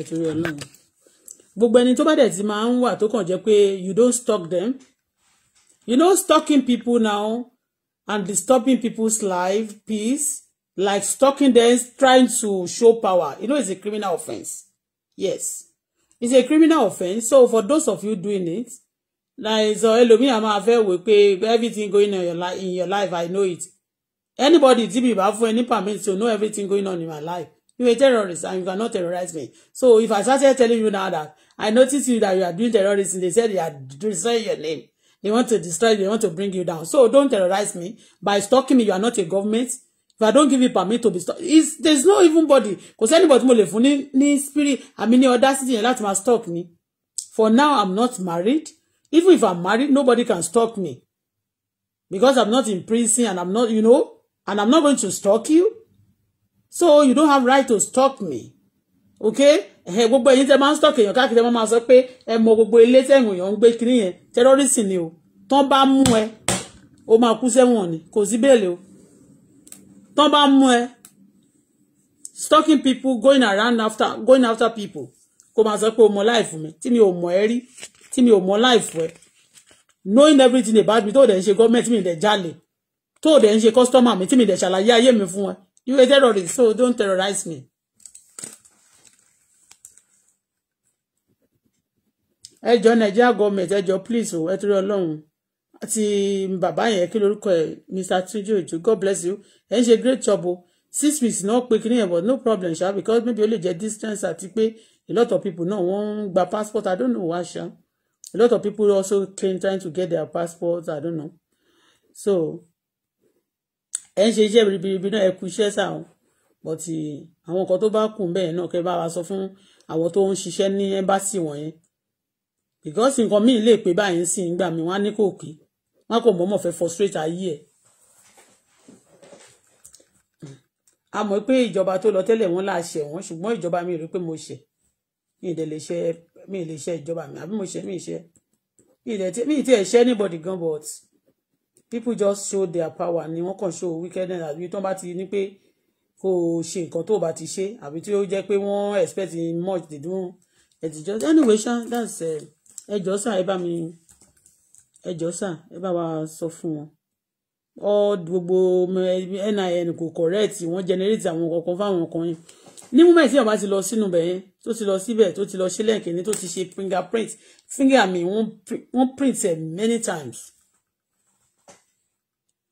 [SPEAKER 1] ẹ̀tùrí ọlọ́run gbogbo ẹni tó bá dẹ̀ ti máa ń wà tó kàn jẹ́ pé you don't stalk them you know stalking people now and disturbing people's life peace like stalking them trying to show power you know it's a criminal offence yes it's a criminal offence so for those of you doing it like so ẹlòmíì máa fẹ́ wò pé everything going on in your life in your life I know it anybody tí mi bá fún ẹ ní permit to know everything going on in my life you a terrorist and you cannot terrorize me so if i started telling you now that i noticed you that you are doing terrorism they said they are destroying your name they want to destroy they want to bring you down so don't terrorize me by stalking me you are not a government if i don't give you permit to be stalk is there's no even body because anybody bọ̀ tí mo spirit. I mean, ní spirit àmì ní audacity yẹn láti máa stalk me for now i'm not married even if i'm married nobody can stalk me because i'm not in prison and i'm not you know and i'm not going to stalk you so you don't have right to stalk me okay ẹ gbogbo ẹ̀yin tẹ́ máa ń stalk èèyàn káàkiri wọ́n máa sọ pé ẹ mọ gbogbo ilé tẹ̀wọ̀n èèyàn ń gbé kiri yẹn terrorism ni o tán bá mú ẹ o máa kú sẹ́wọ̀n ni kò sí bẹ́ẹ̀lì o tán bá mú ẹ stalking people going around after going after people kò máa sọ pé o mọ life mi tí mi ò mọ ẹ rí tí mi ò mọ life ẹ knowing everything about me tó o dẹ̀ ń ṣe gọ́ọ̀mẹ̀ntì mi dẹ̀ jalè tó o dẹ̀ ń ṣe customer mi tí mi dẹ̀ ṣàlàyé ayé mi fún ẹ You a terrorist, so don't terrorize me. ẹ jọ̀ọ́ Nigeria government ẹ jọ̀ọ́ please o ẹ torí Ọlọ́run àti bàbá yẹn kí lórúkọ ẹ Mr. Tunji Ojo God bless you ẹ ń ṣe great job o six weeks náà pé kí but no problem ṣá because maybe only lè jẹ distance àti pé a lot of people No wọ́n gba passport I don't know why ṣá a lot of people also came trying to get their passports. I don't know so ẹ ṣe iṣẹ́ ribiribi náà ẹ kú iṣẹ́ sáà but eh, àwọn nǹkan tó bá kù bẹ́ẹ̀ náà kẹ́ bá wa sọ fún àwọn tó ń ṣiṣẹ́ ní ẹ́mbásì wọ̀nyẹn because nǹkan míì lè pé báyìí sí ìgbà mi wọ́n á ní kò kí wọ́n kò mọ̀ọ́mọ̀ fẹ́ frustrate ayé ẹ̀. a mọ̀ pé ìjọba tó lọ tẹ́lẹ̀ wọ́n là ṣẹ̀ wọ́n ṣùgbọ́n ìjọba mi rí pé mo ṣẹ̀ mi ì lè ṣe mi ì lè ṣe ìjọba mi àbí mo ṣe mi ì ṣe mi ì tẹ̀ ṣe anybody gan but people just show their power ni wọ́n kàn show wickedness àbí tó bá ti ní pé kò ṣe nǹkan tó bá ti ṣe àbí tí ó jẹ́ pé wọ́n expect much they do ẹ̀dìjọ́ anyway ṣá that's eh, ẹjọ́ sà ẹ bá mi ẹjọ́ sà ẹ bá wa sọ fún wọn ọ gbogbo NIN kò correct wọ́n generate àwọn kankan fáwọn kan yẹn ní moment tí ọba ti lọ sínú bẹ̀yẹn tó ti lọ síbẹ̀ tó ti lọ sílẹ̀ kìíní tó ti ṣe fingerprint finger mi wọ́n print ẹ̀ many times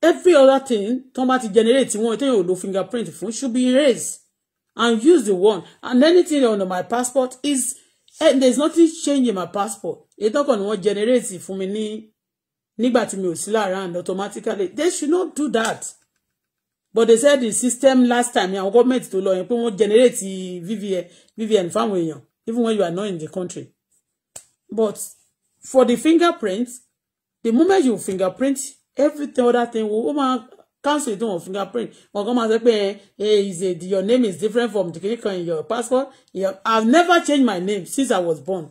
[SPEAKER 1] every other thing tó bá ti generate tí wọ́n téèyàn ò fingerprint fún should be erased and use the one and anything under my passport is and eh, there is nothing changing my passport èyí tọkàn ni wọ́n generate fún mi ní nígbà tí mi ò sí lára automatically they should not do that but they said the system last time àwọn gọ́ọ̀mẹ̀ntì tó lọ yẹn pé wọ́n generate vvn vvn e, e fáwọn èèyàn even when you are not in the country but for the fingerprint the moment you fingerprint everything other thing ó máa council tó wọn fingerprint wọn kàn máa sọ pé hey eh, eh, is it your name is different from the kìnìkan in your passport your, I've never changed my name since I was born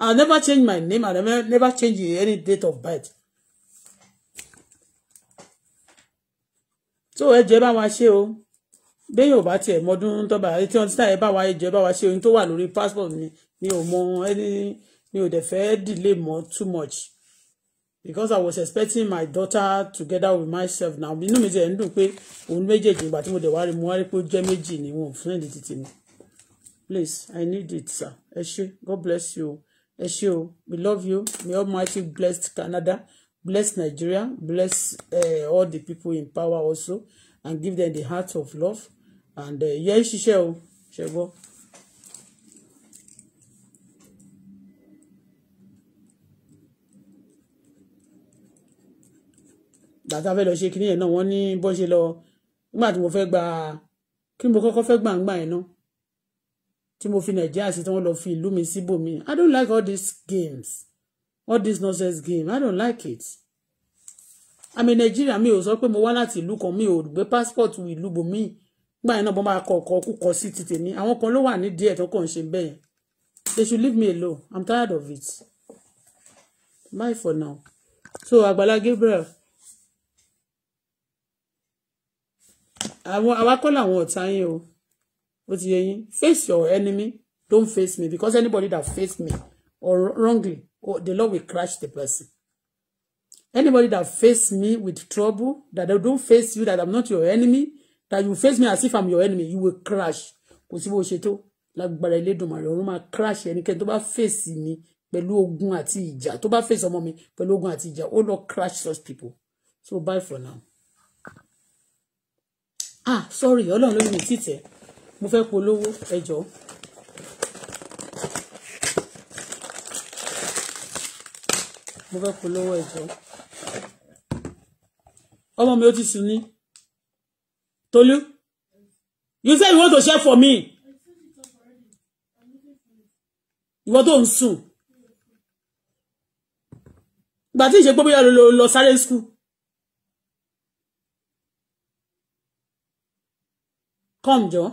[SPEAKER 1] I've never changed my name I never never change any date of birth so ẹ jẹ́ bá wa ṣe o béèyàn ò bá tiẹ̀ mọdún tọ́ba etí ọtí táyà bá wa ẹ jẹ́ bá wa ṣe ohun tó wà lórí passport mi mi ò mọ ẹni mi ò dẹ̀ fẹ́ delay mọ́ too much because I was expecting my daughter together with myself now inú mi ti ẹ̀ ń dùn pé òun méjèèjì ìgbà tí mo dẹ̀ wá rí mo wá rí pé ó jẹ́ méjì ni wọn fún ẹ̀dí títì mi please I need it sir ẹ ṣé God bless you ẹ ṣé o we love you may Almighty bless Canada bless Nigeria bless uh, all the people in power also and give them the heart of love and eh, yẹ ń ṣiṣẹ́ o ṣe gbọ́. gbàtà fẹ́ lọ ṣe kinní náà wọ́n ní bọ́ ṣe lọ nígbà tí mo fẹ́ gba kí mo kọ́kọ́ fẹ́ gbà ń náà tí mo fi nàìjíríà sí tí wọ́n lọ fi ìlú mi síbòmí I don't like all these games all these nonsense games. I don't like it àmì nàìjíríà mi ò sọ pé mo wá láti ìlú kan mi ò gbé passport ìlú bòmí gbà yẹn náà bọ́n máa kọ ọkọ kúkọ sí ti tèmi àwọn kan ló wà ní díẹ̀ tó kàn ṣe bẹ́ẹ̀ they should leave me alone I'm tired of it bye for now so Agbala Gabriel. àwọn àwa kọ́ làwọn ọ̀tá yín o ó ti yẹ yín face your enemy don't face me because anybody that face me or wrongly oh, the Lord will crush the person anybody that face me with trouble that they don't face you that I'm not your enemy that you face me as if I'm your enemy you will crash kò sí bó ṣe tó lágbára Elédùmarè ọ̀run máa crash ẹnikẹ́ni tó bá face mi pẹ̀lú ogun àti ìjà tó bá face ọmọ mi pẹ̀lú ogun àti ìjà ó lọ crash such people so bye for now ah sorry ọlọ́run lórí mi títẹ̀ mo fẹ́ polówó ẹjọ́. mo fẹ́ polówó ẹjọ́ ọmọ mi ó ti sùn ní Tolú you say you want to share for me ìwọ tó ń sùn ìgbà tí ìṣe gbọ́ bóyá lo sáré school. come jọ.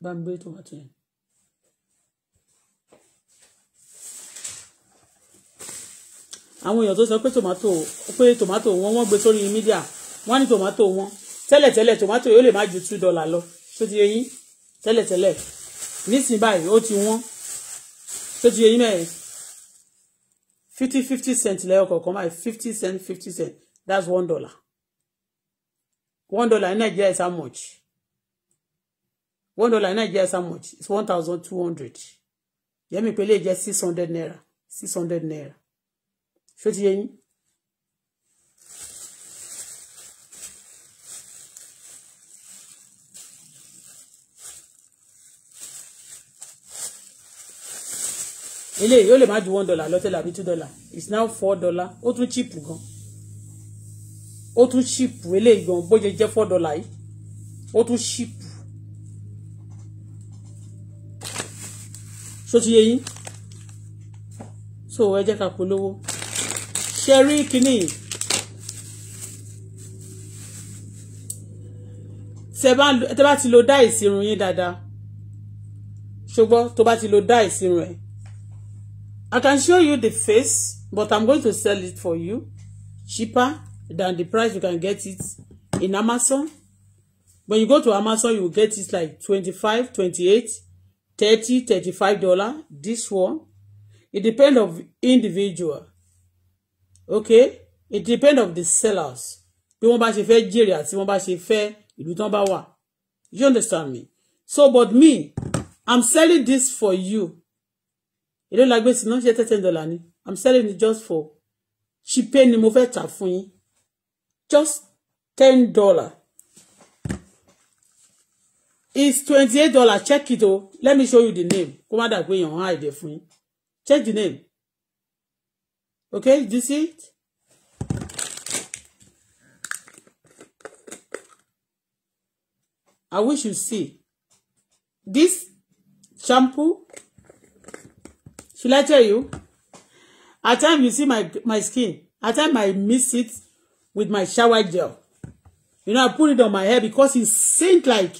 [SPEAKER 1] bá ń gbé tòmátò yẹn. àwọn èèyàn tó sọ o tòmátò pé tòmátò wọn wọ́n gbé sórí mídíà wọ́n ní tòmátò wọn tẹ́lẹ̀tẹ́lẹ̀ tòmátò yóò lè má ju two dollar lọ tó ti yé yín tẹ́lẹ̀tẹ́lẹ̀ nísìnyí báyìí o ti wọ́n tó ti yé yín fifty fifty cent lẹ́yọ kọ̀ọ̀kan báyìí fifty cent fifty cent that's one dollar one dollar in Nigeria is how much one dollar in Nigeria is how much it's one thousand two hundred yẹ́mi pé lè jẹ́ six hundred naira six hundred naira ṣé ti eléyìí ó lè má ju one dollar lọ tẹ́lẹ̀ àbí two dollar it's now four dollar ó tún cheap gan ó tún cheap eléyìí gan bó ṣe jẹ́ four dollar yìí ó tún cheap so ti yé yín so ẹ jẹ́ ká polówó ṣe rí kínní tẹ bá ti lo dá ìsirun yín dáadáa ṣùgbọ́n tó bá ti lo dá ìsirun ẹ̀ I can show you the face, but I'm going to sell it for you cheaper than the price you can get it in Amazon. When you go to Amazon, you will get it like 25, 28, 30, 35 dollar. This one, it depends of individual. Okay, it depends of the sellers. You want bá ṣe fẹ́ jèrè àti wọ́n bá ṣe fẹ́ ìlú tán bá wà. You understand me? So, but me, I'm selling this for you èló la gbé sí náà ṣe ten dollar ni i'm selling it just for ṣìpé ni mo fẹ́ tà fún yín just ten dollar it's twenty eight dollar check it oh. let me show you the name kó má dàgbé yàn án àìdè fún yín check the name okay you see it. I wish you see this shampoo Should I tell you? At time you see my my skin. At time I miss it with my shower gel. You know, I put it on my hair because it seemed like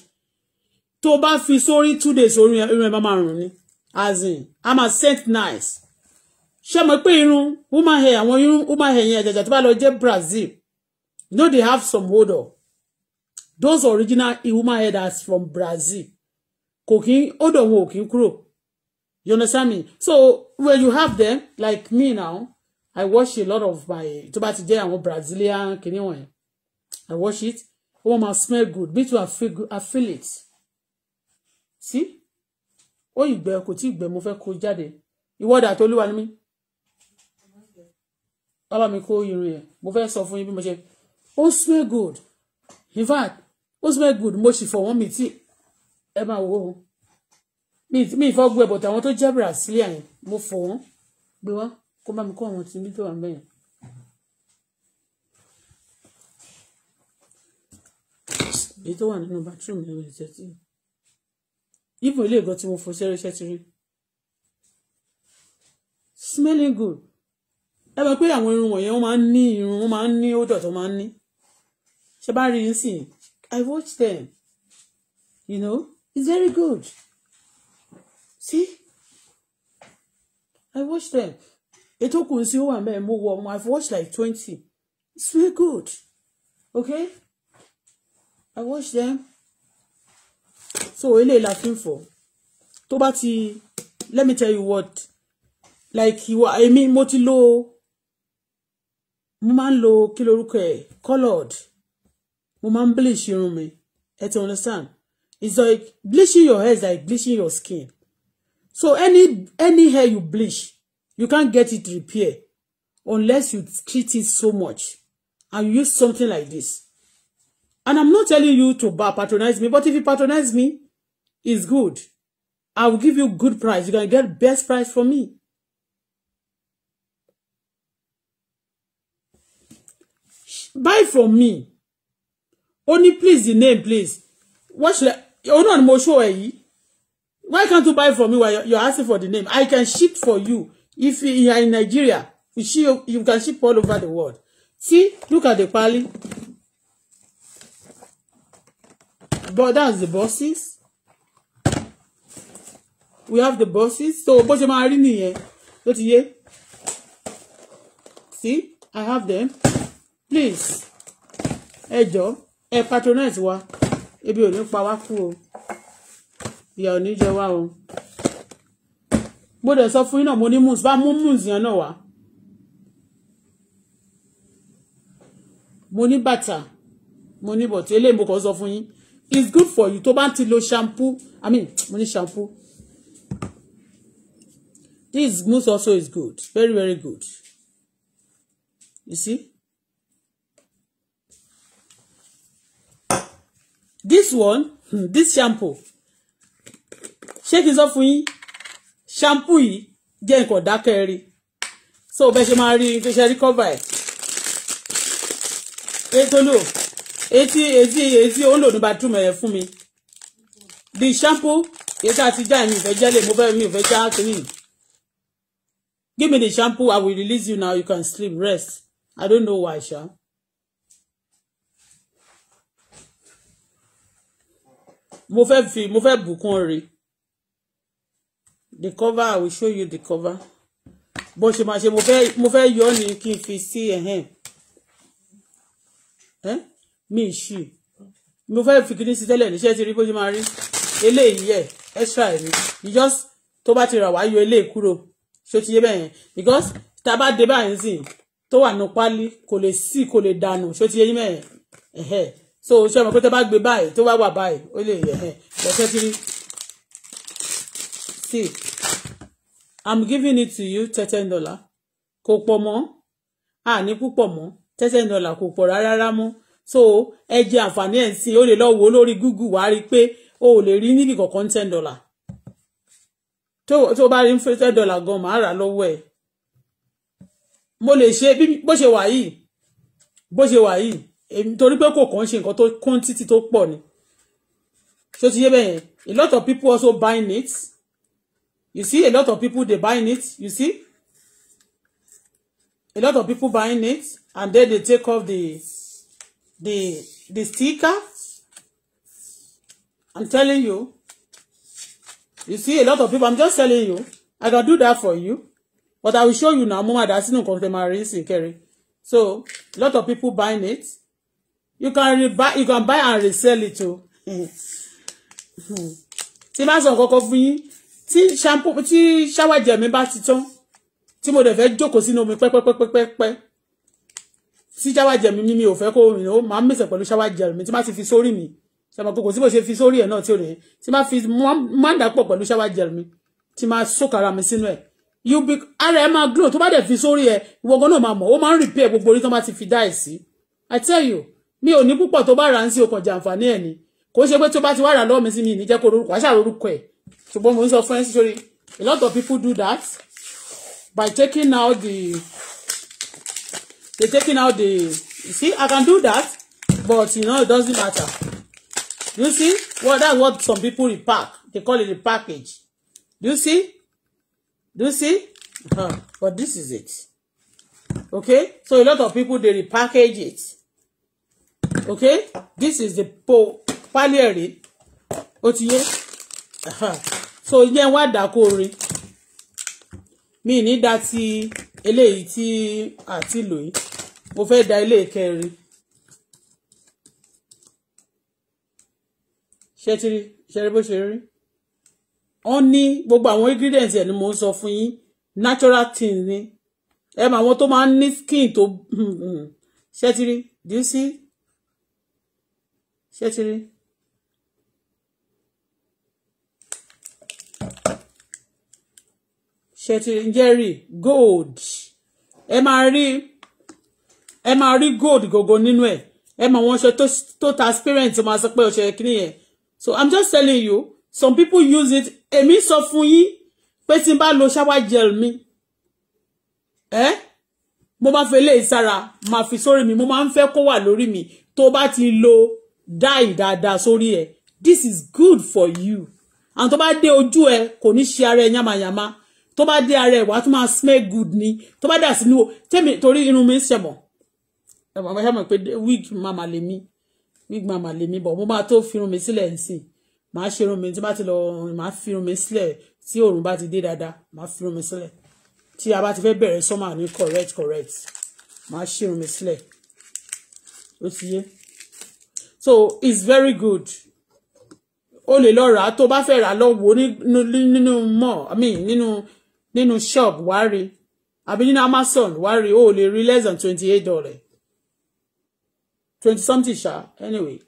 [SPEAKER 1] tó bá fi sórí two days orí Remember my room, as in I'm a scent nice. Ṣé mo pé woman hair àwọn irun woman hair yẹn àjàjà tó bá lọ jẹ́ Brazil. You know they have some odor. Those original woman hair that's from Brazil. Cooking odor walking crew. You understand me? So when you have them, like me now, I wash a lot of my tó today. ti jẹ́ Brazilian kìíní wọ̀nyẹn. I wash it. Oh, wọ́n máa smell good. Me too, I feel, good. I feel it. See? Oh, you kò tí ìgbẹ́ mo fẹ́ kó jáde. Ìwọ́dà tó lúwa ni mí. Ọlọ́run mi me? irun yẹn. Mo fẹ́ sọ fún yín bí mo ṣe. Ó smell good. In fact, ó smell good. Mo sì fọ̀ wọ́n mi tí ẹ máa wò ó mi ìfọ́gbọ́ ẹ̀ bọ̀tà àwọn tó jẹ́ Brazilian yẹn mo fọ̀ wọ́n gbé wá kó bá mi kó àwọn tí mi tó wà ń bẹ̀yẹn. èyí tó wà nínú bathroom yẹn wọ́n ṣe tí ibo ilé ìgbọ́ tí mo fọ ṣẹ́rí ṣẹ́ ti rí smelling good ẹ bá pé àwọn irun wọ̀nyẹn wọ́n máa ń ní irun wọ́n máa ń ní ó dọ̀tọ̀ máa ń ní ṣe bá rí yín sí i I watch them you know it's very good. See? I watched them. Ètò kù sí ó wà mẹ́rin mo I've watched like twenty. It's very good. Okay? I watched them. So eléyìí la fi ń fọ̀. Tó ti let me tell you what like ìwà èmi mo ti lo low máa ń lo kí lorúkọ ẹ̀ coloured mo máa bleach irun mi ẹ ti understand it's like bleaching your hair is like bleaching your skin So any any hair you bleach, you can't get it repaired unless you treat it so much and use something like this. And I'm not telling you to buy, patronize me, but if you patronize me, it's good. I will give you good price. You're going to get best price from me. Buy from me. Only please the name, please. What should I? Oh, no, I'm sure. Why can't you buy from me while you're asking for the name? I can ship for you. If you are in Nigeria, you, ship, you can ship all over the world. See, look at the pali. But that's the bosses. We have the bosses. So, bó ṣe máa rí nìyẹn. Ló ti See, I have them. Please. Ẹ jọ̀ọ́, ẹ patronize wa. Ebi ò ní pa wá ìyá ò ní jẹ wá o gbọ́dọ̀ sọ fún yín náà mo ní mùs bá mú mùs yẹn náà wá mo ní bàtà mo ní bọ̀tí eléyìí mo kàn sọ fún yín it's good for you tó bá ti lo shampoo i mean mo ní shampoo this mousse also is good very very good you see this one hmm, this shampoo ṣé kí n sọ fún yín shampoo yìí jẹ́ nǹkan dákẹ́ rí so bẹ́ẹ̀ ṣe máa rí tó ṣe rí cover ẹ̀ ètò lò etí etí etí ó ń lò ní bathroom ẹ̀ fún mi the shampoo ètò àti já mi ìfẹ́ jẹ́lẹ̀ mo fẹ́ mi ìfẹ́ já clean give me the shampoo i will release you now you can sleep rest i don't know why sha. mo fẹ́ fi mo fẹ́ bùkún rèé the cover i will show you the cover bó ṣe máa ṣe mo fẹ́ mo fẹ́ yọ ni kí n fi sí ẹ̀hẹ́n ẹ́ mi ì ṣì mo fẹ́ fi kíní sí tẹ́lẹ̀ níṣẹ́ ti rí bó ṣe máa rí eléyìí ẹ̀ extra ẹ̀ you just tó bá ti rà wá yọ eléyìí kúrò ṣó ti yé bẹ́ẹ̀ yẹn because tá a bá dé báyìí sìn tó wà nù pálí kò lè sí kò lè dànù ṣó ti yé yín bẹ́ẹ̀ ẹ̀hẹ́ so ṣé ọmọ pé tẹ́ bá gbé báyìí tó bá wà báyìí ó lè yẹ̀ ẹ̀hẹ́ lọ́sẹ̀ kiri sí i'm giving it to you thirteen dollar kò pọ̀ mọ́ àní púpọ̀ mọ́ thirteen dollar kò pọ̀ rárá mọ́ so ẹ jẹ àǹfààní ẹ̀ sí i ó lè lọ wò lórí google wàá rí pé o ò lè rí níbi kankan ten dollar tó o bá rí ten dollar gan màá rà lọ́wọ́ ẹ̀ mo lè ṣe bó ṣe wà yìí bó ṣe wà yìí torí pé kò kàn ṣe nǹkan tó quantity tó pọ̀ ni ṣó ti yé bẹ́ẹ̀ yẹn a lot of people also buying it You see, a lot of people, they buying it. You see? A lot of people buying it. And then they take off the, the, the sticker. I'm telling you. You see, a lot of people, I'm just telling you. I can do that for you. But I will show you now more that's no contemporary carry. So, a lot of people buying it. You can buy, you can buy and resell it too. Tí bá sọ kọ́kọ́ fún yín, tí shampoo tí shower gel mi bá ti tán tí mo dẹ̀ fẹ́ jókòó sínú omi pẹ́pẹ́pẹ́pẹ́pẹ́ tí shower gel mi ní mi ò fẹ́ kó rìn ó máa ń mèsè pẹ̀lú shower gel mi tí má ti fi sórí mi ṣàmọ̀ kò sí bó ṣe fi sórí ẹ̀ náà tí ò rè é tí má fi má ń dàpọ̀ pẹ̀lú shower gel mi tí má sókàrà mi sínú ẹ̀ you be ara ẹ̀ máa glow tó bá dẹ̀ fi sórí ẹ̀ ìwọ̀gán náà máa mọ̀ ó máa ń repair gbogbo orí tó má ti fi dá ẹ̀ I tell you mi o ní púpọ̀ tó bá rà ń sí okàn jàǹfààní ẹ̀ ni kò ṣe pé tó bá ti wá rà lọ́ọ̀mí sí mi ìníjẹ́ kó lórúkọ àṣà lórúkọ ẹ̀ ṣùgbọ́n mo ń sọ fún ẹ a lot of people do that by taking out the they taking out the you see I can do that but you know it doesn't matter you see well that's what some people repack they call it a package do you see do you see uh-huh. but this is it okay so a lot of people they repackage it okay this is the po palliary yeah. uh-huh so yẹn wá dà kó rin mi ní da ti eléyìí tí àti lò yìí mo fẹ́ da ilé kẹrin ṣẹtiri ṣẹri bó ṣe rí wọn ní gbogbo àwọn ingredients ẹ̀ ni mo ń sọ fún yín natural things. ni ẹ mọ àwọn tó máa ń ní skin tó hmm, hmm, hmm. ṣẹtiri do you see ṣẹtiri. ṣètìlì jerry gold ẹ máa rí ẹ máa rí gold gògó nínú ẹ ẹ mọ wọn ṣe tó transparent máa sọ pé ọṣẹ kìíní yẹn so i'm just telling you some people use it èmi sọ fún yín pé tí n bá lo shower gel mi ẹ mo máa fi eléyìí sára máa fi sórí mi mo máa ń fẹ́ kó wà lórí mi tó bá ti lo dye dáadáa sórí ẹ this is good for you àwọn tó bá dé ojú ẹ kò ní ṣe ara ẹ yàmàyàmà tó bá dé ara ẹ̀ wá tó máa smell good ni tó bá dà sínú tèmi torí irun mi ń ṣẹ̀mọ̀ ẹ̀mọ̀ bá ṣàmọ̀ pé wig mama lè mí wig mama lè mí bọ̀ mo máa tó fi irun mi sílẹ̀ nsìn màá ṣe irun mi tí bá ti lọ màá fi irun mi sílẹ̀ tí òòrùn bá ti dé dáadáa màá fi irun mi sílẹ̀ tí a bá ti fẹ́ bẹ̀rẹ̀ sọ́mà ní correct correct màá ṣe irun mi sílẹ̀ ó ti yé so it's very good o lè lọ rà á tó bá fẹ́ rà á lọ wò ó nínú mọ́ I mean nínú nínú shop wá rí àbí nínú Amazon wá rí o lè rí less than twenty eight dollar twenty something ṣá anyway.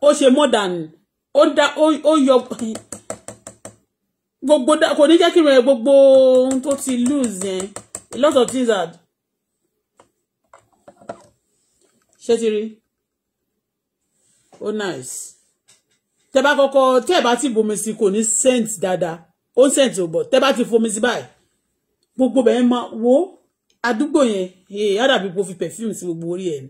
[SPEAKER 1] ó ṣe more than ó dá ó yọ gbogbo kò ní jẹ́ kí rẹ̀ gbogbo ohun tó ti lose yẹn a lot of things are ṣé ti rí oh, nice tẹ bá kọ́kọ́ tẹ bá ti bomi sí kò ní scent dada, ó ń scent ò bọ̀ tẹ ti fomi sí báyìí gbogbo bẹ́ẹ̀ máa wo àdúgbò yẹn ee eh, àdàbí kò fi perfume si gbogbo orí ẹ̀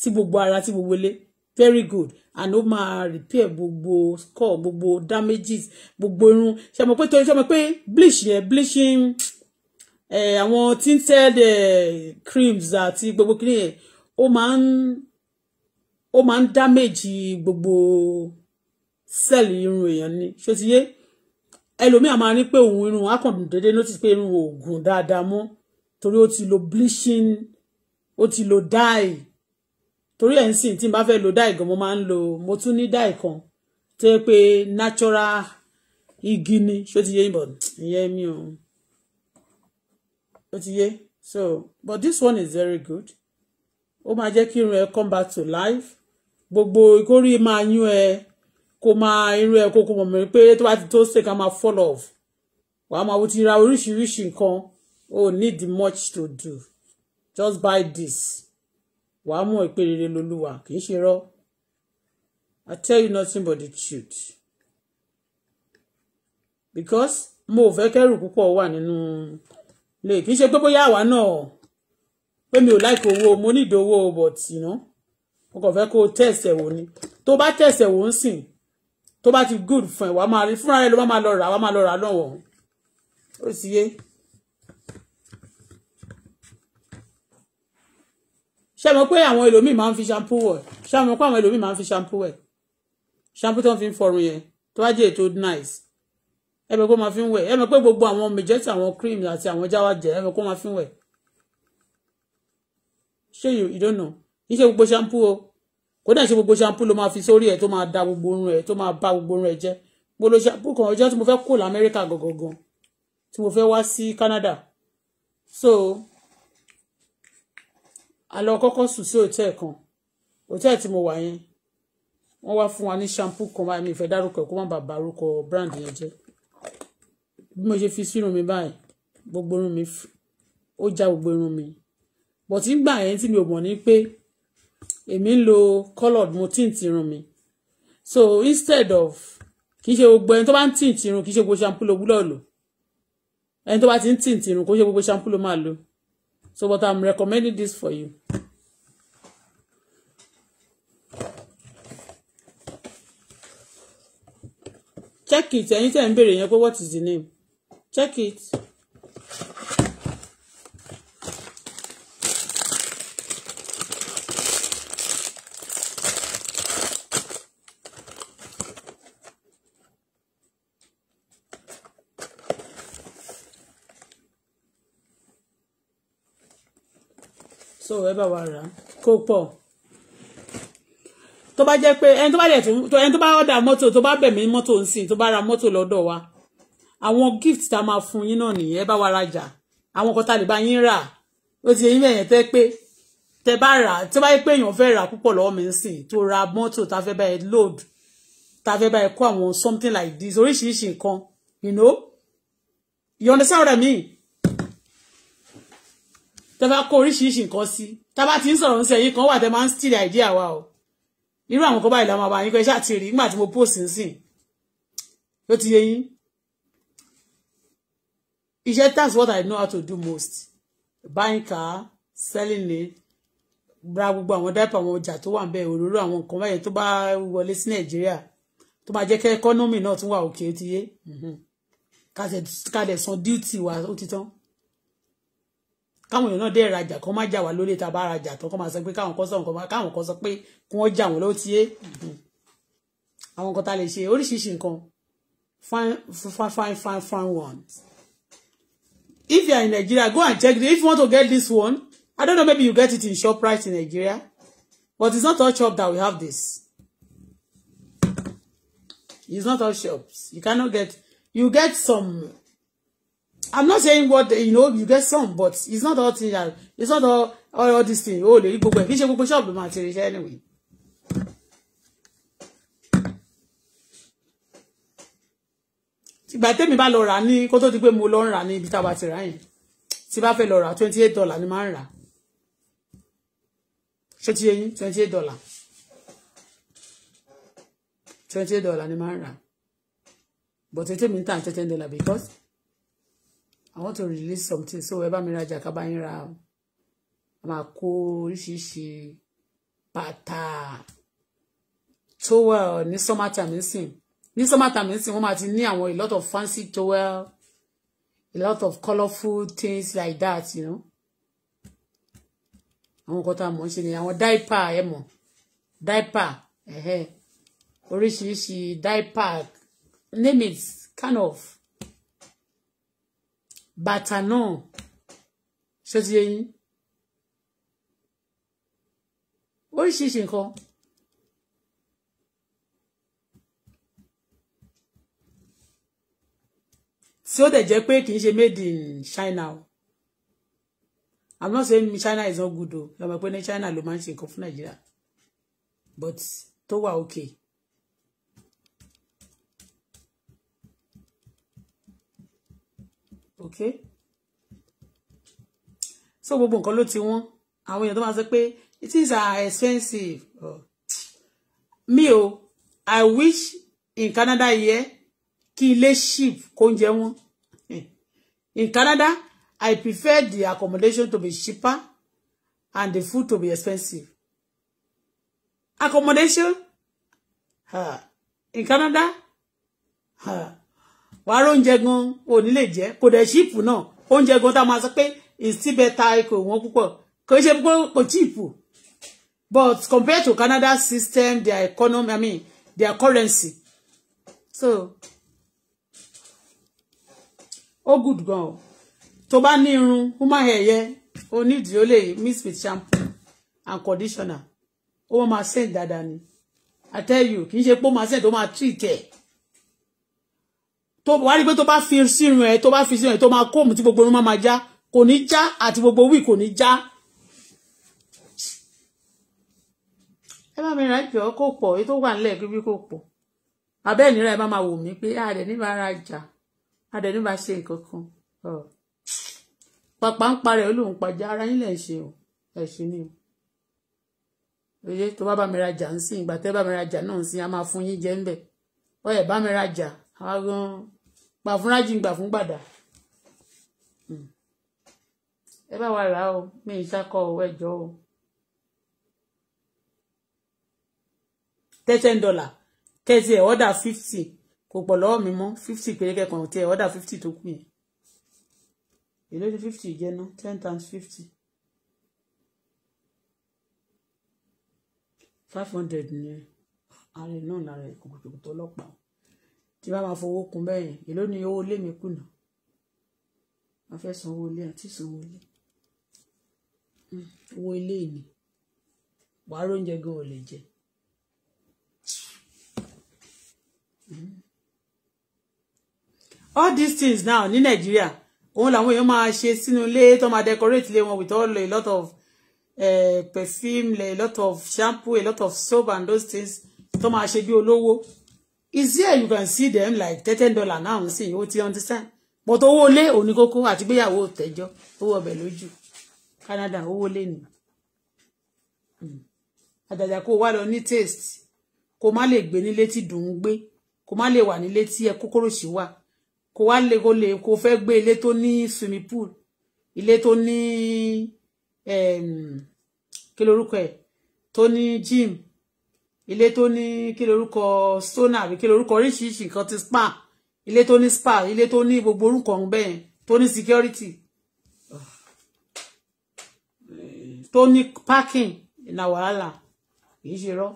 [SPEAKER 1] sí gbogbo ara sí gbogbo ilé very good and ó ma repair gbogbo score gbogbo damages gbogbo irun ṣe mọ̀ pé torí ṣe mọ̀ pé bleach yẹn bleaching eh, àwọn tinted eh, creams àti gbogbo kìnìyẹn ó máa ń ó máa ń dámèjì gbogbo sẹ́ẹ̀lì irun èèyàn ni ṣó ti yé ẹlòmíà máa ní pé òun irun akọ̀dùn déédéé ló ti pé irun òògùn dáadáa mọ́ torí ó ti lo bleaching ó ti lo dye torí ẹ̀ ń sìn tí n bá fẹ́ lo dye gan mo máa ń lo mo tún ní dye kan tó yẹ pé natural igi ni ṣó ti yé ìbọn ìyẹn mi ò ó so but this one is very good ó máa jẹ́ kí irun ẹ come back to life gbogbo ìkórè máa yún ẹ kó máa irun ẹ kó kó mọ̀ mí pé tó bá ti tó ṣe ká máa fall off wàá máa wo ti ra oríṣiríṣi nǹkan o need much to do just buy this wàá mọ̀ ìpè rere lolúwa kì í ṣe rọ́ I tell you nothing but the truth because mo ò fẹ́ kẹ́rù púpọ̀ wà nínú lè kì í ṣe pé bóyá àwa náà pé mi ò like owó mo need owó but you know mo kàn fẹ́ kó o test ẹ̀ wò ni tó bá test ẹ̀ wò ń sìn tó bá ti good fún ẹ̀ wàá máa rí fúnra rẹ̀ ló máa lọ rà wàá máa lọ rà lọ́wọ́ ó sì yé. ṣé mo pé àwọn ẹlòmíì máa ń fi shampoo wẹ̀ ṣé mo pé àwọn ẹlòmíì máa ń fi shampoo wẹ̀ shampoo tó ń fi ń fọrun yẹn tó bá jẹ́ ètò nice ẹ mọ̀ pé ó máa fi ń wẹ̀ ẹ mọ̀ pé gbogbo àwọn majority àwọn creams àti àwọn jáwájẹ ẹ mọ̀ pé ó máa fi ń wẹ̀ ṣé you you don't know kì í ṣe gbogbo shampoo o kò dẹ̀ ṣe gbogbo shampoo ló máa fi sórí ẹ̀ tó máa da gbogbo orun ẹ̀ tó máa bà gbogbo orun ẹ̀ jẹ́ gbolo shampoo kan ọjọ́ tí mo fẹ́ kó lamẹ́ríkà gangan tí mo fẹ́ wá sí Canada so a lọ kọ́kọ́ sùn sí hòtẹ́ẹ̀ kan hòtẹ́ẹ̀ tí mo wà yẹn wọ́n wá fún wa ní shampoo kan báyìí mi ìfẹ́ dárúkọ kó má bàa bárúkọ brand yẹn jẹ́ bí mo ṣe fi sínú mi báyìí gbogbo irun mi ó já gbogbo irun mi but nígbà yẹn tí mi ò mọ̀ ní pé èmi ń lo colored mo tint irun mi so instead of kì í ṣe gbogbo ẹni tó bá ń tint irun kì í ṣe gbogbo shampoo ló wúlò lò ẹni tó bá ti ń tint irun kò ṣe gbogbo shampoo ló máa lò so but i'm recommending this for you. check it ẹ̀yin tẹ́ ń béèrè yẹn pé what is the name check it. ẹ bá wa rà kó pọ̀ tó bá jẹ́ pé ẹni tó bá dẹ̀ tó ẹni tó bá ọ̀dà mọ́tò tó bá bẹ̀ mí mọ́tò ń sìn tó bá ra mọ́tò lọ́dọ̀ wa àwọn gift tá a máa fún yín náà nìyẹn ẹ bá wa rajà àwọn kan tá a lè bá yín rà ó ti yẹn yẹn tẹ́ pé tẹ́ bá rà tó bá yẹ pé èèyàn fẹ́ rà púpọ̀ lọ́wọ́ mi ń sìn tó ra mọ́tò tá a fẹ́ bá ẹ load tá a fẹ́ bá kó àwọn something like this oríṣiríṣi nǹkan you know you understand what I mean tẹ́ bá kó oríṣiríṣi nǹkan sí tá bá ti ń sọ̀rọ̀ ńsẹ̀ yìí kan wà tẹ́ máa ń steal idea wa o irú àwọn kan báyìí la máa bá yín kọ́ iṣẹ́ àti rí nígbà tí mo post nsìn ló ti yé yín iṣẹ́ that's what I know how to do most buying car selling it ra gbogbo àwọn dáìpọ̀ àwọn ọjà tó wà ń bẹ̀ òróró àwọn nǹkan báyẹn tó bá wọlé sí Nàìjíríà tó máa jẹ́ kẹ́ ẹkọ́nọ́mì náà tún wà òkè ó ti yé mhm. ká dẹ̀ san duty wa ó ti tán káwọn èèyàn náà dé rajà kó má jà wá lólè tá a bá rajà tó kó máa sọ pé káwọn kọ́ sọ nǹkan káwọn kọ́ sọ pé kí wọ́n jà wọ́n ló ti yé hmm. àwọn nǹkan tá a lè ṣe oríṣiríṣi nǹkan fine fine fine fine one. if you are in Nigeria go and check it if you want to get this one I don't know maybe you get it in shop Shoprite in Nigeria but it's not all shop that we have this it's not all shops you cannot get you get some I'm not saying what you know you get some but it's not all thing that it's not all all, all this thing Oh, lè rí gbogbo ẹ̀ kì í ṣe gbogbo ṣọ́ọ̀bù máa ti rí iṣẹ́ anyway. ìgbà tẹ́mi bá lọ rà ní kó tó di pé mo lọ ń rà ní ibi táwa ti rà yẹn tí bá fẹ́ lọ rà twenty eight dollar ni máa ń rà ti yẹn twenty eight dollar twenty eight dollar ni máa ń but tètè mi ń tà tẹ́tẹ́ ń dọ́là because. I want to release something so ẹ bá mi rajà ká bá yín ra máa towel Ni summer time nísìn ní summer time nísìn wọ́n ti ní àwọn a lot of fancy towel a lot of colorful things like that you know àwọn nǹkan tá a mọ̀ ń diaper. ni àwọn diaper Eh mọ̀ diaper oríṣiríṣi diaper name it kind of bàtà náà ṣé ti yé yín oríṣiríṣi nǹkan. tí ó dẹ̀ jẹ́ pé kì í ṣe made in China o i'm not saying China is not good o lọ́mọ pé ní China ló máa ń ṣe nǹkan fún Nàìjíríà but tó wà okay. okay so gbogbo nǹkan ló ti wọ́n àwọn èèyàn tó máa sọ pé it is uh, expensive oh. mi o i wish in Canada here kí ilé ship kó ń jẹ wọn eh. in Canada i prefer the accommodation to be cheaper and the food to be expensive accommodation ha. in Canada ha wàá róúnjẹ gan ò ní lè jẹ kò dẹ̀ ṣíìpù náà oúnjẹ gan tá a máa sọ pé ìsíbẹ̀ ta ikọ̀ wọn púpọ̀ kò ṣe pé kò ṣíìpù but compared to Canada system their economy I mean their currency so ó good gan o tó bá ní irun human hair yẹ o need o lè mix with shampoo and conditioner ó máa send dáadáa ni I tell you kì í ṣe pé ó máa send ó máa treat ẹ̀ tó wá rí pé tó bá fi sírun ẹ to bá fi sírun ẹ tó máa kóòmù tí gbogbo irun máa já kò ní já àti gbogbo wí kò ní já. ẹ bá mi ra jọ kó pọ̀ èyí tó wà nílẹ̀ kíbi kó pọ̀ abẹ́ ìnira ẹ bá máa wò mí pé àdẹ̀ níbà ra jà àdẹ̀ níbà ṣe nǹkan kan pàpà ń parẹ́ olóhùn pàjá ara yín lẹ̀ ń o ẹ̀ ṣe ni oye tó bá bá mi ra jà ń sìn ìgbà tẹ́ mi ra jà náà ń sìn á máa fún yín jẹ́ ń bẹ̀ ọ̀yẹ̀ mi ra jà á gan-an gbà fúnra jí gbà fún gbàdà hmm. ẹ bá wa rà o mi ì sákọ o ẹjọ o ten dọ́là kẹ́sì ẹ̀ ọ́dà fifty kò pọ̀ lọ́wọ́ mi mọ́ fifty péré kẹ́kọ̀ọ́ tí ẹ̀ ọ́dà fifty tó kù yẹn èló ni fifty jẹ́ ná ten times fifty five hundred ni ààrẹ náà lára ìkòkòtò ọlọ́pàá tí bá máa fowó kun bẹ́ẹ̀ yẹn èló ni owó ilé mi kùnà a fẹ́ san owó ilé àti san owó ilé hmm, owó ilé ni wàá róúnjẹ gan ò lè jẹ. Hmm. all these things now ní Nàìjíríà òun làwọn èèyàn máa ṣe sínú ilé tó máa decorate ilé wọn with all a lot of uh, perfume a lot of shampoo a lot of soap and those things tó máa ṣe bí olówó is here you can see them like thirteen dollar now see sìn ó ti understand but owó lé òní kókó àti gbéyàwó tẹjọ owó ọbẹ̀ lójú Canada owó lé ni hmm. àdàdà kó wá lọ ní taste kó má lè gbé nílé tí dùn ún gbé kó má lè wà nílé tí ẹ kókóró sí wà kó wá lè kó lè kó fẹ́ gbé ilé tó swimming pool ilé tó ní kí lorúkọ ẹ̀ tó ní gym ilé tó ní kí lorúkọ stoner àbí kí lorúkọ oríṣiríṣi nǹkan ti spa ilé tó ní spa ilé tó ní gbogbo orúkọ ọ̀hún bẹ́ẹ̀ tó ní security tó ní parking ìnà wàhálà kì í ṣe rọ́.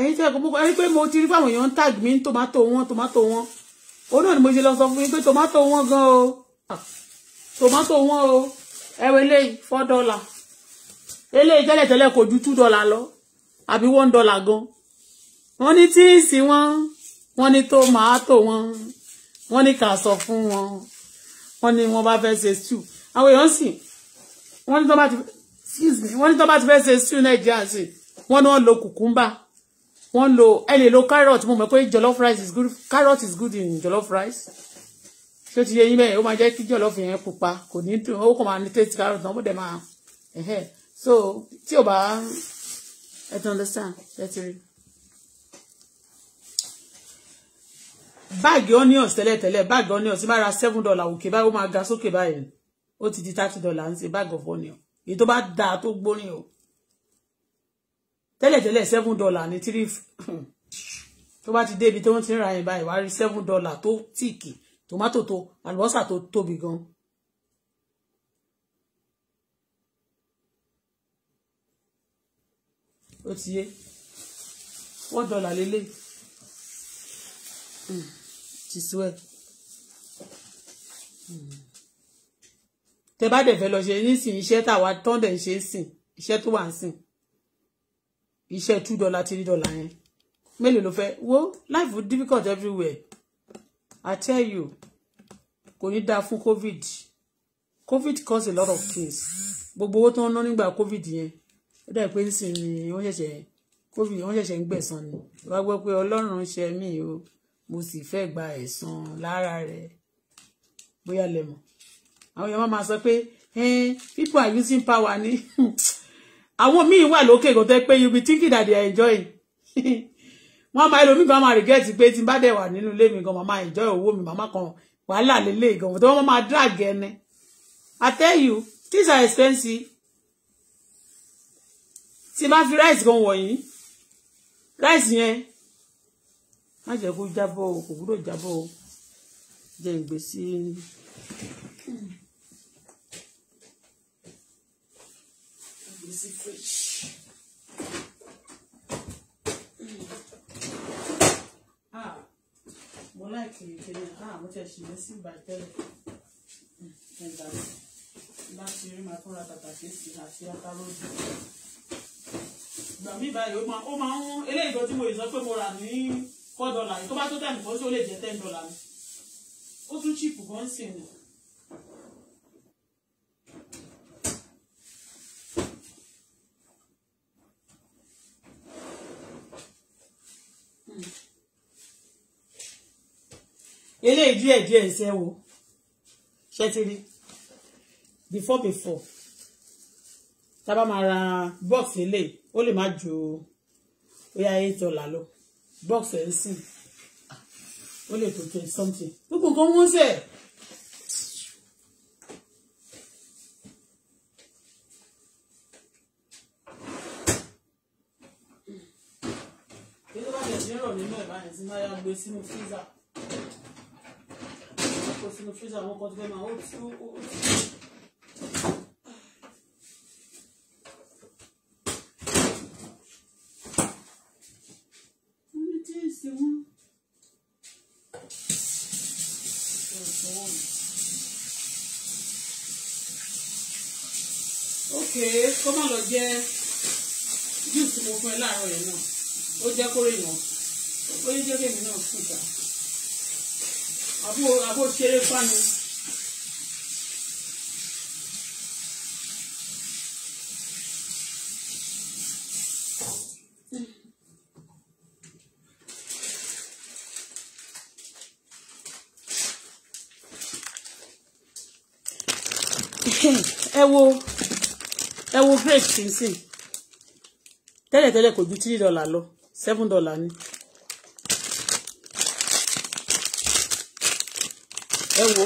[SPEAKER 1] ẹ̀yin tí ẹ̀kọ́ ẹ̀yin pé mo ti rí fáwọn èèyàn ń tag mi ní tòmátò wọn tòmátò wọn òun náà ni mo ṣe lọ sọ fún yín pé tòmátò wọn gan o tòmátò wọn o ẹ̀wẹ̀ four dollar eléyìí tẹ́lẹ̀ tẹ́lẹ̀ kò ju two dollar lọ àbí one dollar gan wọ́n ní tíìsì wọn wọ́n ní tòmátò wọn wọ́n ní kà sọ fún wọn wọ́n ní wọ́n bá fẹ́ ṣe stew àwọn èèyàn sì wọ́n ní tó bá ti excuse me wọ́n ní tó bá ti fẹ́ ṣe stew nàìjíríà sí wọ́n ní wọ́n lo kùkúmbà wọ́n lo ẹ lo carrot mo mọ̀ pé jollof rice is good carrot is good in jollof rice tí ó ti yẹ yín bẹ́ẹ̀ ó máa jẹ́ kí jollof yẹn pupa kò ní dùn ó kàn máa ní taste carrot náà ó dẹ̀ máa ẹ̀hẹ́ so tí ò bá ẹ ti understand ẹ ti rí. báàgì onions tẹ́lẹ̀tẹ́lẹ̀ báàgì onions bá ra seven dollar òkè báyìí ó máa ga sókè báyìí ó ti di thirty dollar ń ṣe of onion èyí tó bá da tó gbórin o tẹ́lẹ̀tẹ́lẹ̀ seven dollar ní three tó bá ti dé ibi tí wọ́n ti ń ra yẹn báyìí wàá rí seven dollar to. tíìkì tòmátò to àlùbọ́sà tó tóbi gan ó ti yé one dollar lélẹ̀ hmm, ti sùn ẹ̀ hmm. tẹ bá dẹ̀ fẹ́ lọ ṣe nísìn iṣẹ́ tàwa tán dẹ̀ ń ṣe ń sìn iṣẹ́ tó wà ń sìn iṣẹ́ two dollar three dollar yẹn mélòó ló fẹ́ wo life difficult everywhere I tell you kò ní dáa fún covid covid cause a lot of things gbogbo owó tó ń ná nígbà covid yẹn ó pé nísìnyí wọ́n ṣẹ̀ṣẹ̀ kófì wọ́n ṣẹ̀ṣẹ̀ ń gbẹ̀san ni wá gbọ́ pé ọlọ́run ṣe mí o mo sì fẹ́ gba ẹ̀san lára rẹ̀ bóyá lẹ́mọ̀ àwọn èèyàn máa sọ pé people are using power ni àwọn míì wà lókè kò tẹ́ pé you be thinking that they are enjoying wọ́n máa ẹlòmíì kan máa regret pé tí n bá dẹ̀ wà nínú ilé mi gan màmá enjoy owó mi màmá kan wàhálà lélẹ̀ gan tí wọ́n máa drag ẹni I tell you things are expensive tí bá fi rice gan wọ̀nyí rice yẹn má jẹ́ kó jábọ́ o kò gbúdọ̀ jábọ́ o jẹ́ ìgbé sí.
[SPEAKER 2] Ah, mo láìkì ìkéde náà ah, mo tẹ̀ ṣì ní sí ìbàjẹ́lẹ̀ hmm, ẹ̀dá
[SPEAKER 1] bá ti rí màá tún ra tàtàkì sí àti àtàlódì ìgbà mi báyìí ó máa ó máa ń eléyìí tó tí mo lè sọ pé mo rà ní four dollar tó bá tó tẹ̀ nìkan sí ó lè jẹ́ ten dollars. ni ó tún chíìpù kan sí ni. eléyìí díẹ̀ díẹ̀ ṣẹ́ wo ṣẹ́ ti rí before before tábà máa ra box ilé ó lè má ju bóyá eight dollar lọ box ẹ̀ ń sìn ó lè tó twenty something gbogbo nǹkan wọ́n sẹ̀. èyí freezer wọ́n freezer wọ́n kọ́ tó fẹ́ máa fún ẹ láàárọ̀ yẹn náà ó jẹ́ kórè yàn ó ní jẹ́ kéèmí náà kù ta àbó àbó ṣeré fánu. ẹ wo ẹ wo grace sínsìn. tẹ́lẹ̀tẹ́lẹ̀ kò ju three dollar lọ dollar ni. ẹ wo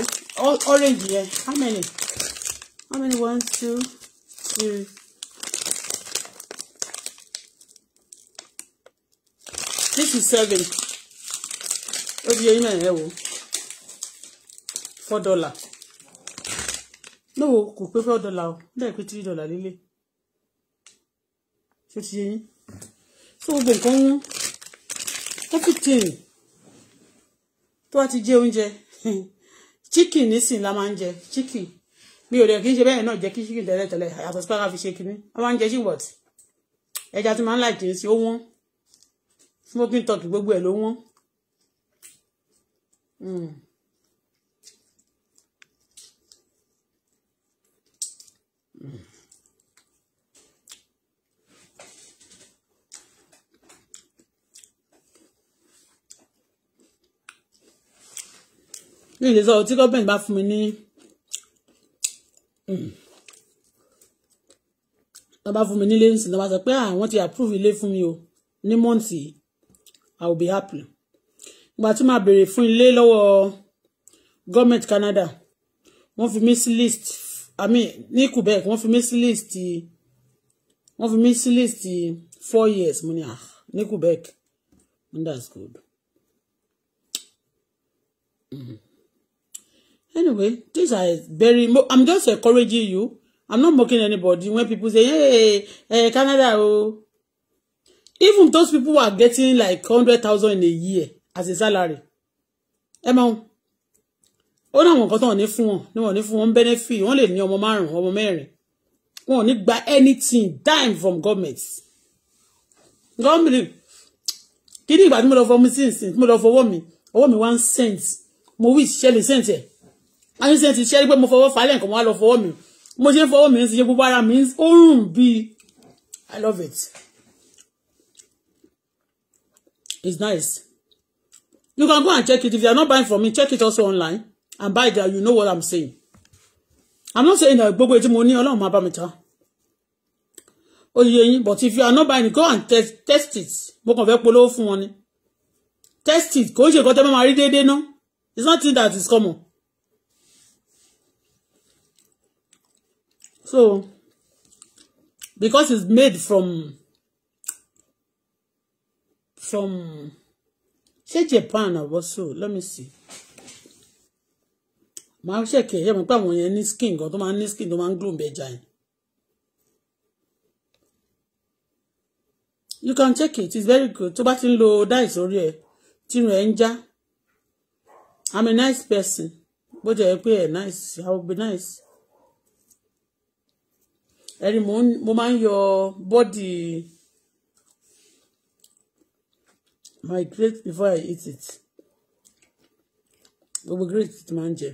[SPEAKER 1] orange yẹn how many how many one two three. six to seven ó di eyín dollar no kò pé four dollar o ó dẹ̀ dollar lílé. ṣó ti so gbogbo nǹkan everything tó bá ti jẹ chicken nísìn la máa ń chicken mi ò lè kí n ṣe chicken tẹ́lẹ̀ tẹ́lẹ̀ àtọ̀ sí pàkà fi ṣe kínní wọ́n máa ń jẹ chicken wọ̀tí ẹja tí máa ń láì jẹ́ smoking turkey gbogbo ẹ̀ mi lè sọ tí gọ́ọ̀mẹ̀ntì bá fún mi ní hmm, tó bá fún mi nílé ń sìn tó pé àwọn ah, ti approve ilé fún mi o ní mọ́ǹtì i will be happy ìgbà tí màá béèrè fún ilé lọ́wọ́ gọ́ọ̀mẹ̀ntì Canada wọ́n fi mí sí list i mean ní Quebec wọ́n fi mí sí list wọ́n fi mí sí list four years mo ní à ah, ní Quebec and that's good. Mm-hmm. Anyway, this is very. I'm just encouraging you. I'm not mocking anybody when people say, "Hey, hey eh, Canada, oh." Even those people are getting like hundred thousand in a year as a salary. Ẹ oh, ó we got on tó phone. No fún wọn ní wọ́n benefit only lè ní ọmọ márùn-ún ọmọ mẹ́rin wọn ò ní anything dime from government. Gọ́ọ̀mìnì kí ni ìgbà tí mo lọ fọwọ́ mi sí ìsìn tí mo lọ fọwọ́ mi ọwọ́ one cent mo wí ṣẹlẹ̀ cent here aníṣẹ́ ti ṣẹ́rí pé mo fọwọ́ falẹ̀ nǹkan mo wá lọ fọwọ́ mi mo ṣe ń mi ṣe gbogbo ara mi ó rùn I love it it's nice you can go and check it if you are not buying from me check it also online and buy there you know what I'm saying I'm not saying that gbogbo ètí mo ní ọlọ́run máa bá mi ta oyè yín but if you are not buying go and test test it mo kàn fẹ́ polówó fún wọn ni test it kò ń ṣe nǹkan tẹ́ máa rí déédéé it's not thing that is common So, because it's made from from ṣé Japan or what so? Let me see. Màá ṣèkè yẹ mọ̀ pé àwọn yẹn ní skin gan tó máa ń skin tó máa ń gloom bẹ́jà You can check it, it's very good. To bá ti ń lo dye sórí ẹ̀, tírun ẹ̀ ń I'm a nice person. Bó jẹ́ pé nice, I will be nice ẹni mo máa ń yọ bọ́dì my grapes before I eat it gbogbo grapes ti máa ń jẹ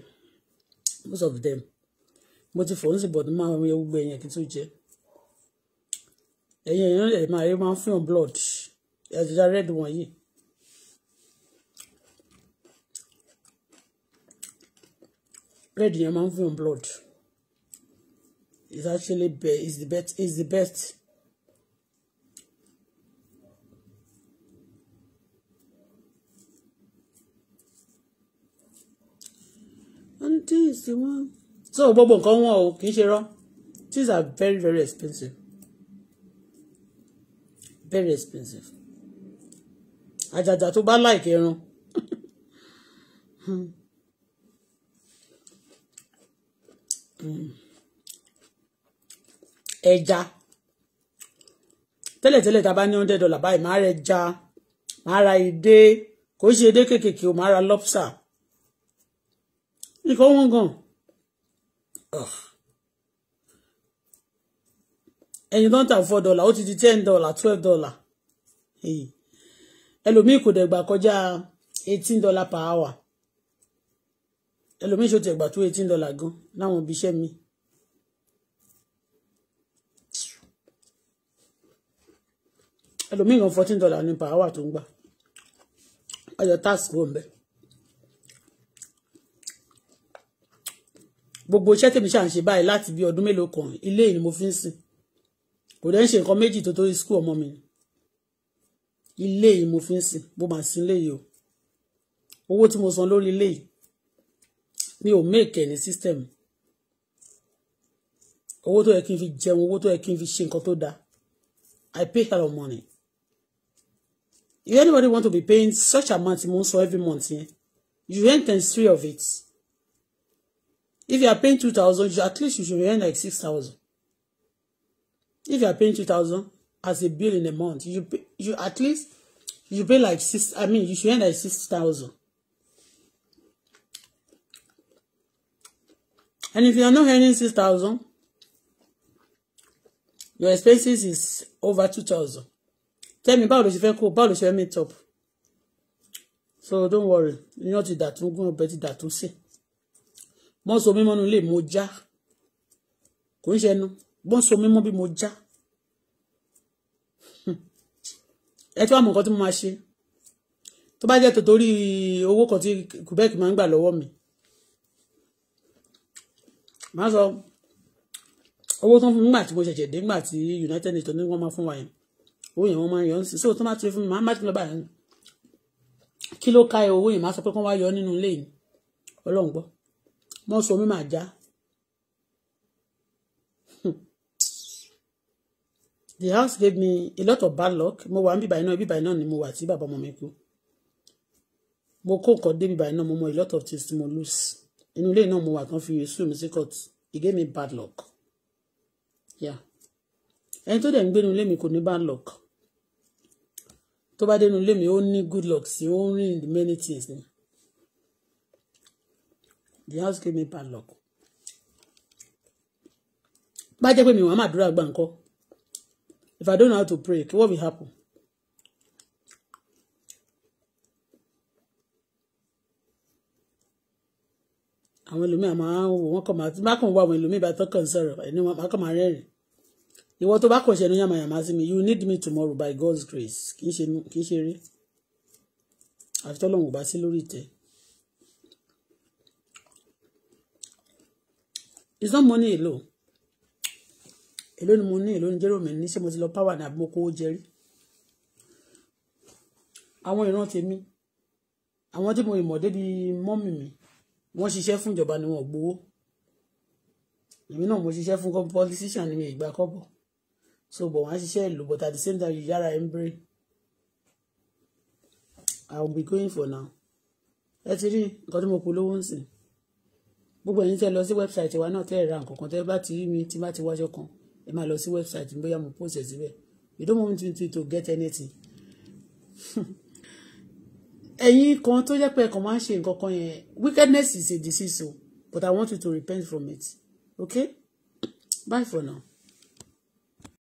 [SPEAKER 1] most of them mo ti fọ̀ọ́ sí but mo máa ń yẹ gbogbo ẹ̀yìn kí n tó jẹ ẹ̀yìn ẹ̀yìn ẹ̀ máa rí máa ń fún blood ẹ̀jẹ̀ red wọ̀nyí. red yẹn máa ń fún blood is actually be is the best is the best. things so gbogbo nǹkan wọn o kì í ṣe things are very very expensive very expensive àjàjà tó bá láìkè ẹran Hmm. hmm ẹja tẹ́lẹ̀tẹ́lẹ̀ tá a bá ní hundred dollar báyìí máa ra ẹja máa ra edé kò ṣe edé kéékèèké o máa ra lobster nǹkan wọ́n gan ẹ̀yin tó ń tà four dollar ó ti di ten dollar twelve dollar ẹlòmíì kò dẹ̀ gbà kọjá eighteen dollar per hour ẹlòmíì ṣòtẹ̀ gbà tó eighteen dollar gan láwọn ibi iṣẹ́ mi ẹlòmíì gan fourteen dollar ní per hour tó ń gbà ọjọ́ tax kúrò ń bẹ̀. gbogbo iṣẹ́ tèmi ṣà ń ṣe báyìí láti bí ọdún mélòó kan ilé ni mo fi ń sìn kò dẹ́ ń ṣe nǹkan méjì tó torí skul ọmọ mi ilé yìí mo fi ń sìn bó máa sin ilé yìí o owó tí mo san lórí ilé yìí mi ò méèkì ní system owó tó yẹ kí n fi jẹun owó tó yẹ kí n fi ṣe nǹkan tó dáa I pay her money if anybody want to be paying such amount mo ń sọ every month yẹn you earn times three of it if you are paying two thousand at least you should earn like six thousand if you are paying two thousand as a bill in a month you pay, you at least you pay like six i mean you should earn like six thousand and if you are not earning six thousand your expenses is over two thousand tell me báwo ló ṣe fẹ́ kó báwo ló ṣe fẹ́ meet up so don't worry iyán ti dàtún gún ọbẹ̀ ti dàtún sí mọ́ so mímọ́ nu lè mo já kò ń ṣẹnu mọ́ so mímọ́ bí mo já ẹ tí wàá mọ̀ nǹkan tí mo máa ṣe tó bá jẹ́ tòtórí owó kan tí Quebec máa ń gbà lọ́wọ́ mi máa sọ owó tó ń fún tí mo ṣẹ̀ṣẹ̀ dé nígbà tí United Nations ní wọ́n máa fún wa yẹn owó yẹn wọ́n máa ń yọ sí so tó má ti fún mi máa má ti lọ báyìí kí ló ká owó yẹn máa sọ pé kí wá yọ nínú ilé yìí ọlọ́run gbọ́ wọ́n sọ mi máa já the house gave me a lot of bad luck mo wà ń bíbà iná bíbà iná ni mo wà tí bàbá ọmọ mi kú mo kó nǹkan dé bíbà iná mo mọ a lot of things mo lose inú ilé náà mo wà tán fi sùn mi sí court he gave me bad luck yeah ẹni tó dẹ̀ ń gbénu ilé mi kò ní bad luck tó bá dénú ilé mi ó ní good luck sí ó ń rìn many things ni the house gave me bad luck bá jẹ́ pé mi wọ́n á máa dúró àgbà ńkọ́ if I don't know how to pray what will happen. àwọn ẹlòmíì àmọ́ àwọn òwò wọn kàn máa bá kàn wá àwọn ẹlòmíì bá tán kàn sọ̀rọ̀ ẹni wọn kàn máa rẹ́rìn-ín ìwọ tó bá kàn ṣẹnu yàmàyàmà sí mi you need me tomorrow by God's grace kì í ṣe kì í ṣe rí àfi bá sí lórí ìtẹ́. it's not money alone èló ni mo ní èló ni jẹ́rọ mi ní ṣé mo ti lọ power ní àbúkọ owó jẹrí àwọn ìran tèmi àwọn tí mo ìmọ̀ débi mọ́mì mi wọ́n ṣiṣẹ́ fún ìjọba ni wọ́n gbowó èmi náà mo ṣiṣẹ́ fún politician ní ìgbà kọ́bọ̀ so but wọ́n á ṣiṣẹ́ ìlú but at the same time yàrá ẹ̀ ń bèrè i will be going for now ẹ ti rí nǹkan tí mo polówó ń sìn gbogbo ẹ̀yin tẹ́ lọ sí wẹ́bsáìtì wa náà tẹ́ ẹ ra nǹkan kan tẹ́ bá ti rí mi tí bá ti wáṣọ kan ẹ máa lọ sí wẹ́bsáìtì bóyá mo post ẹ̀ síbẹ̀ you don't want me to, to get anything ẹ̀yin kan tó jẹ́ pé ẹ̀kan máa ń ṣe nǹkan kan yẹn wickedness is a disease o but i want you to repent from it okay bye for now.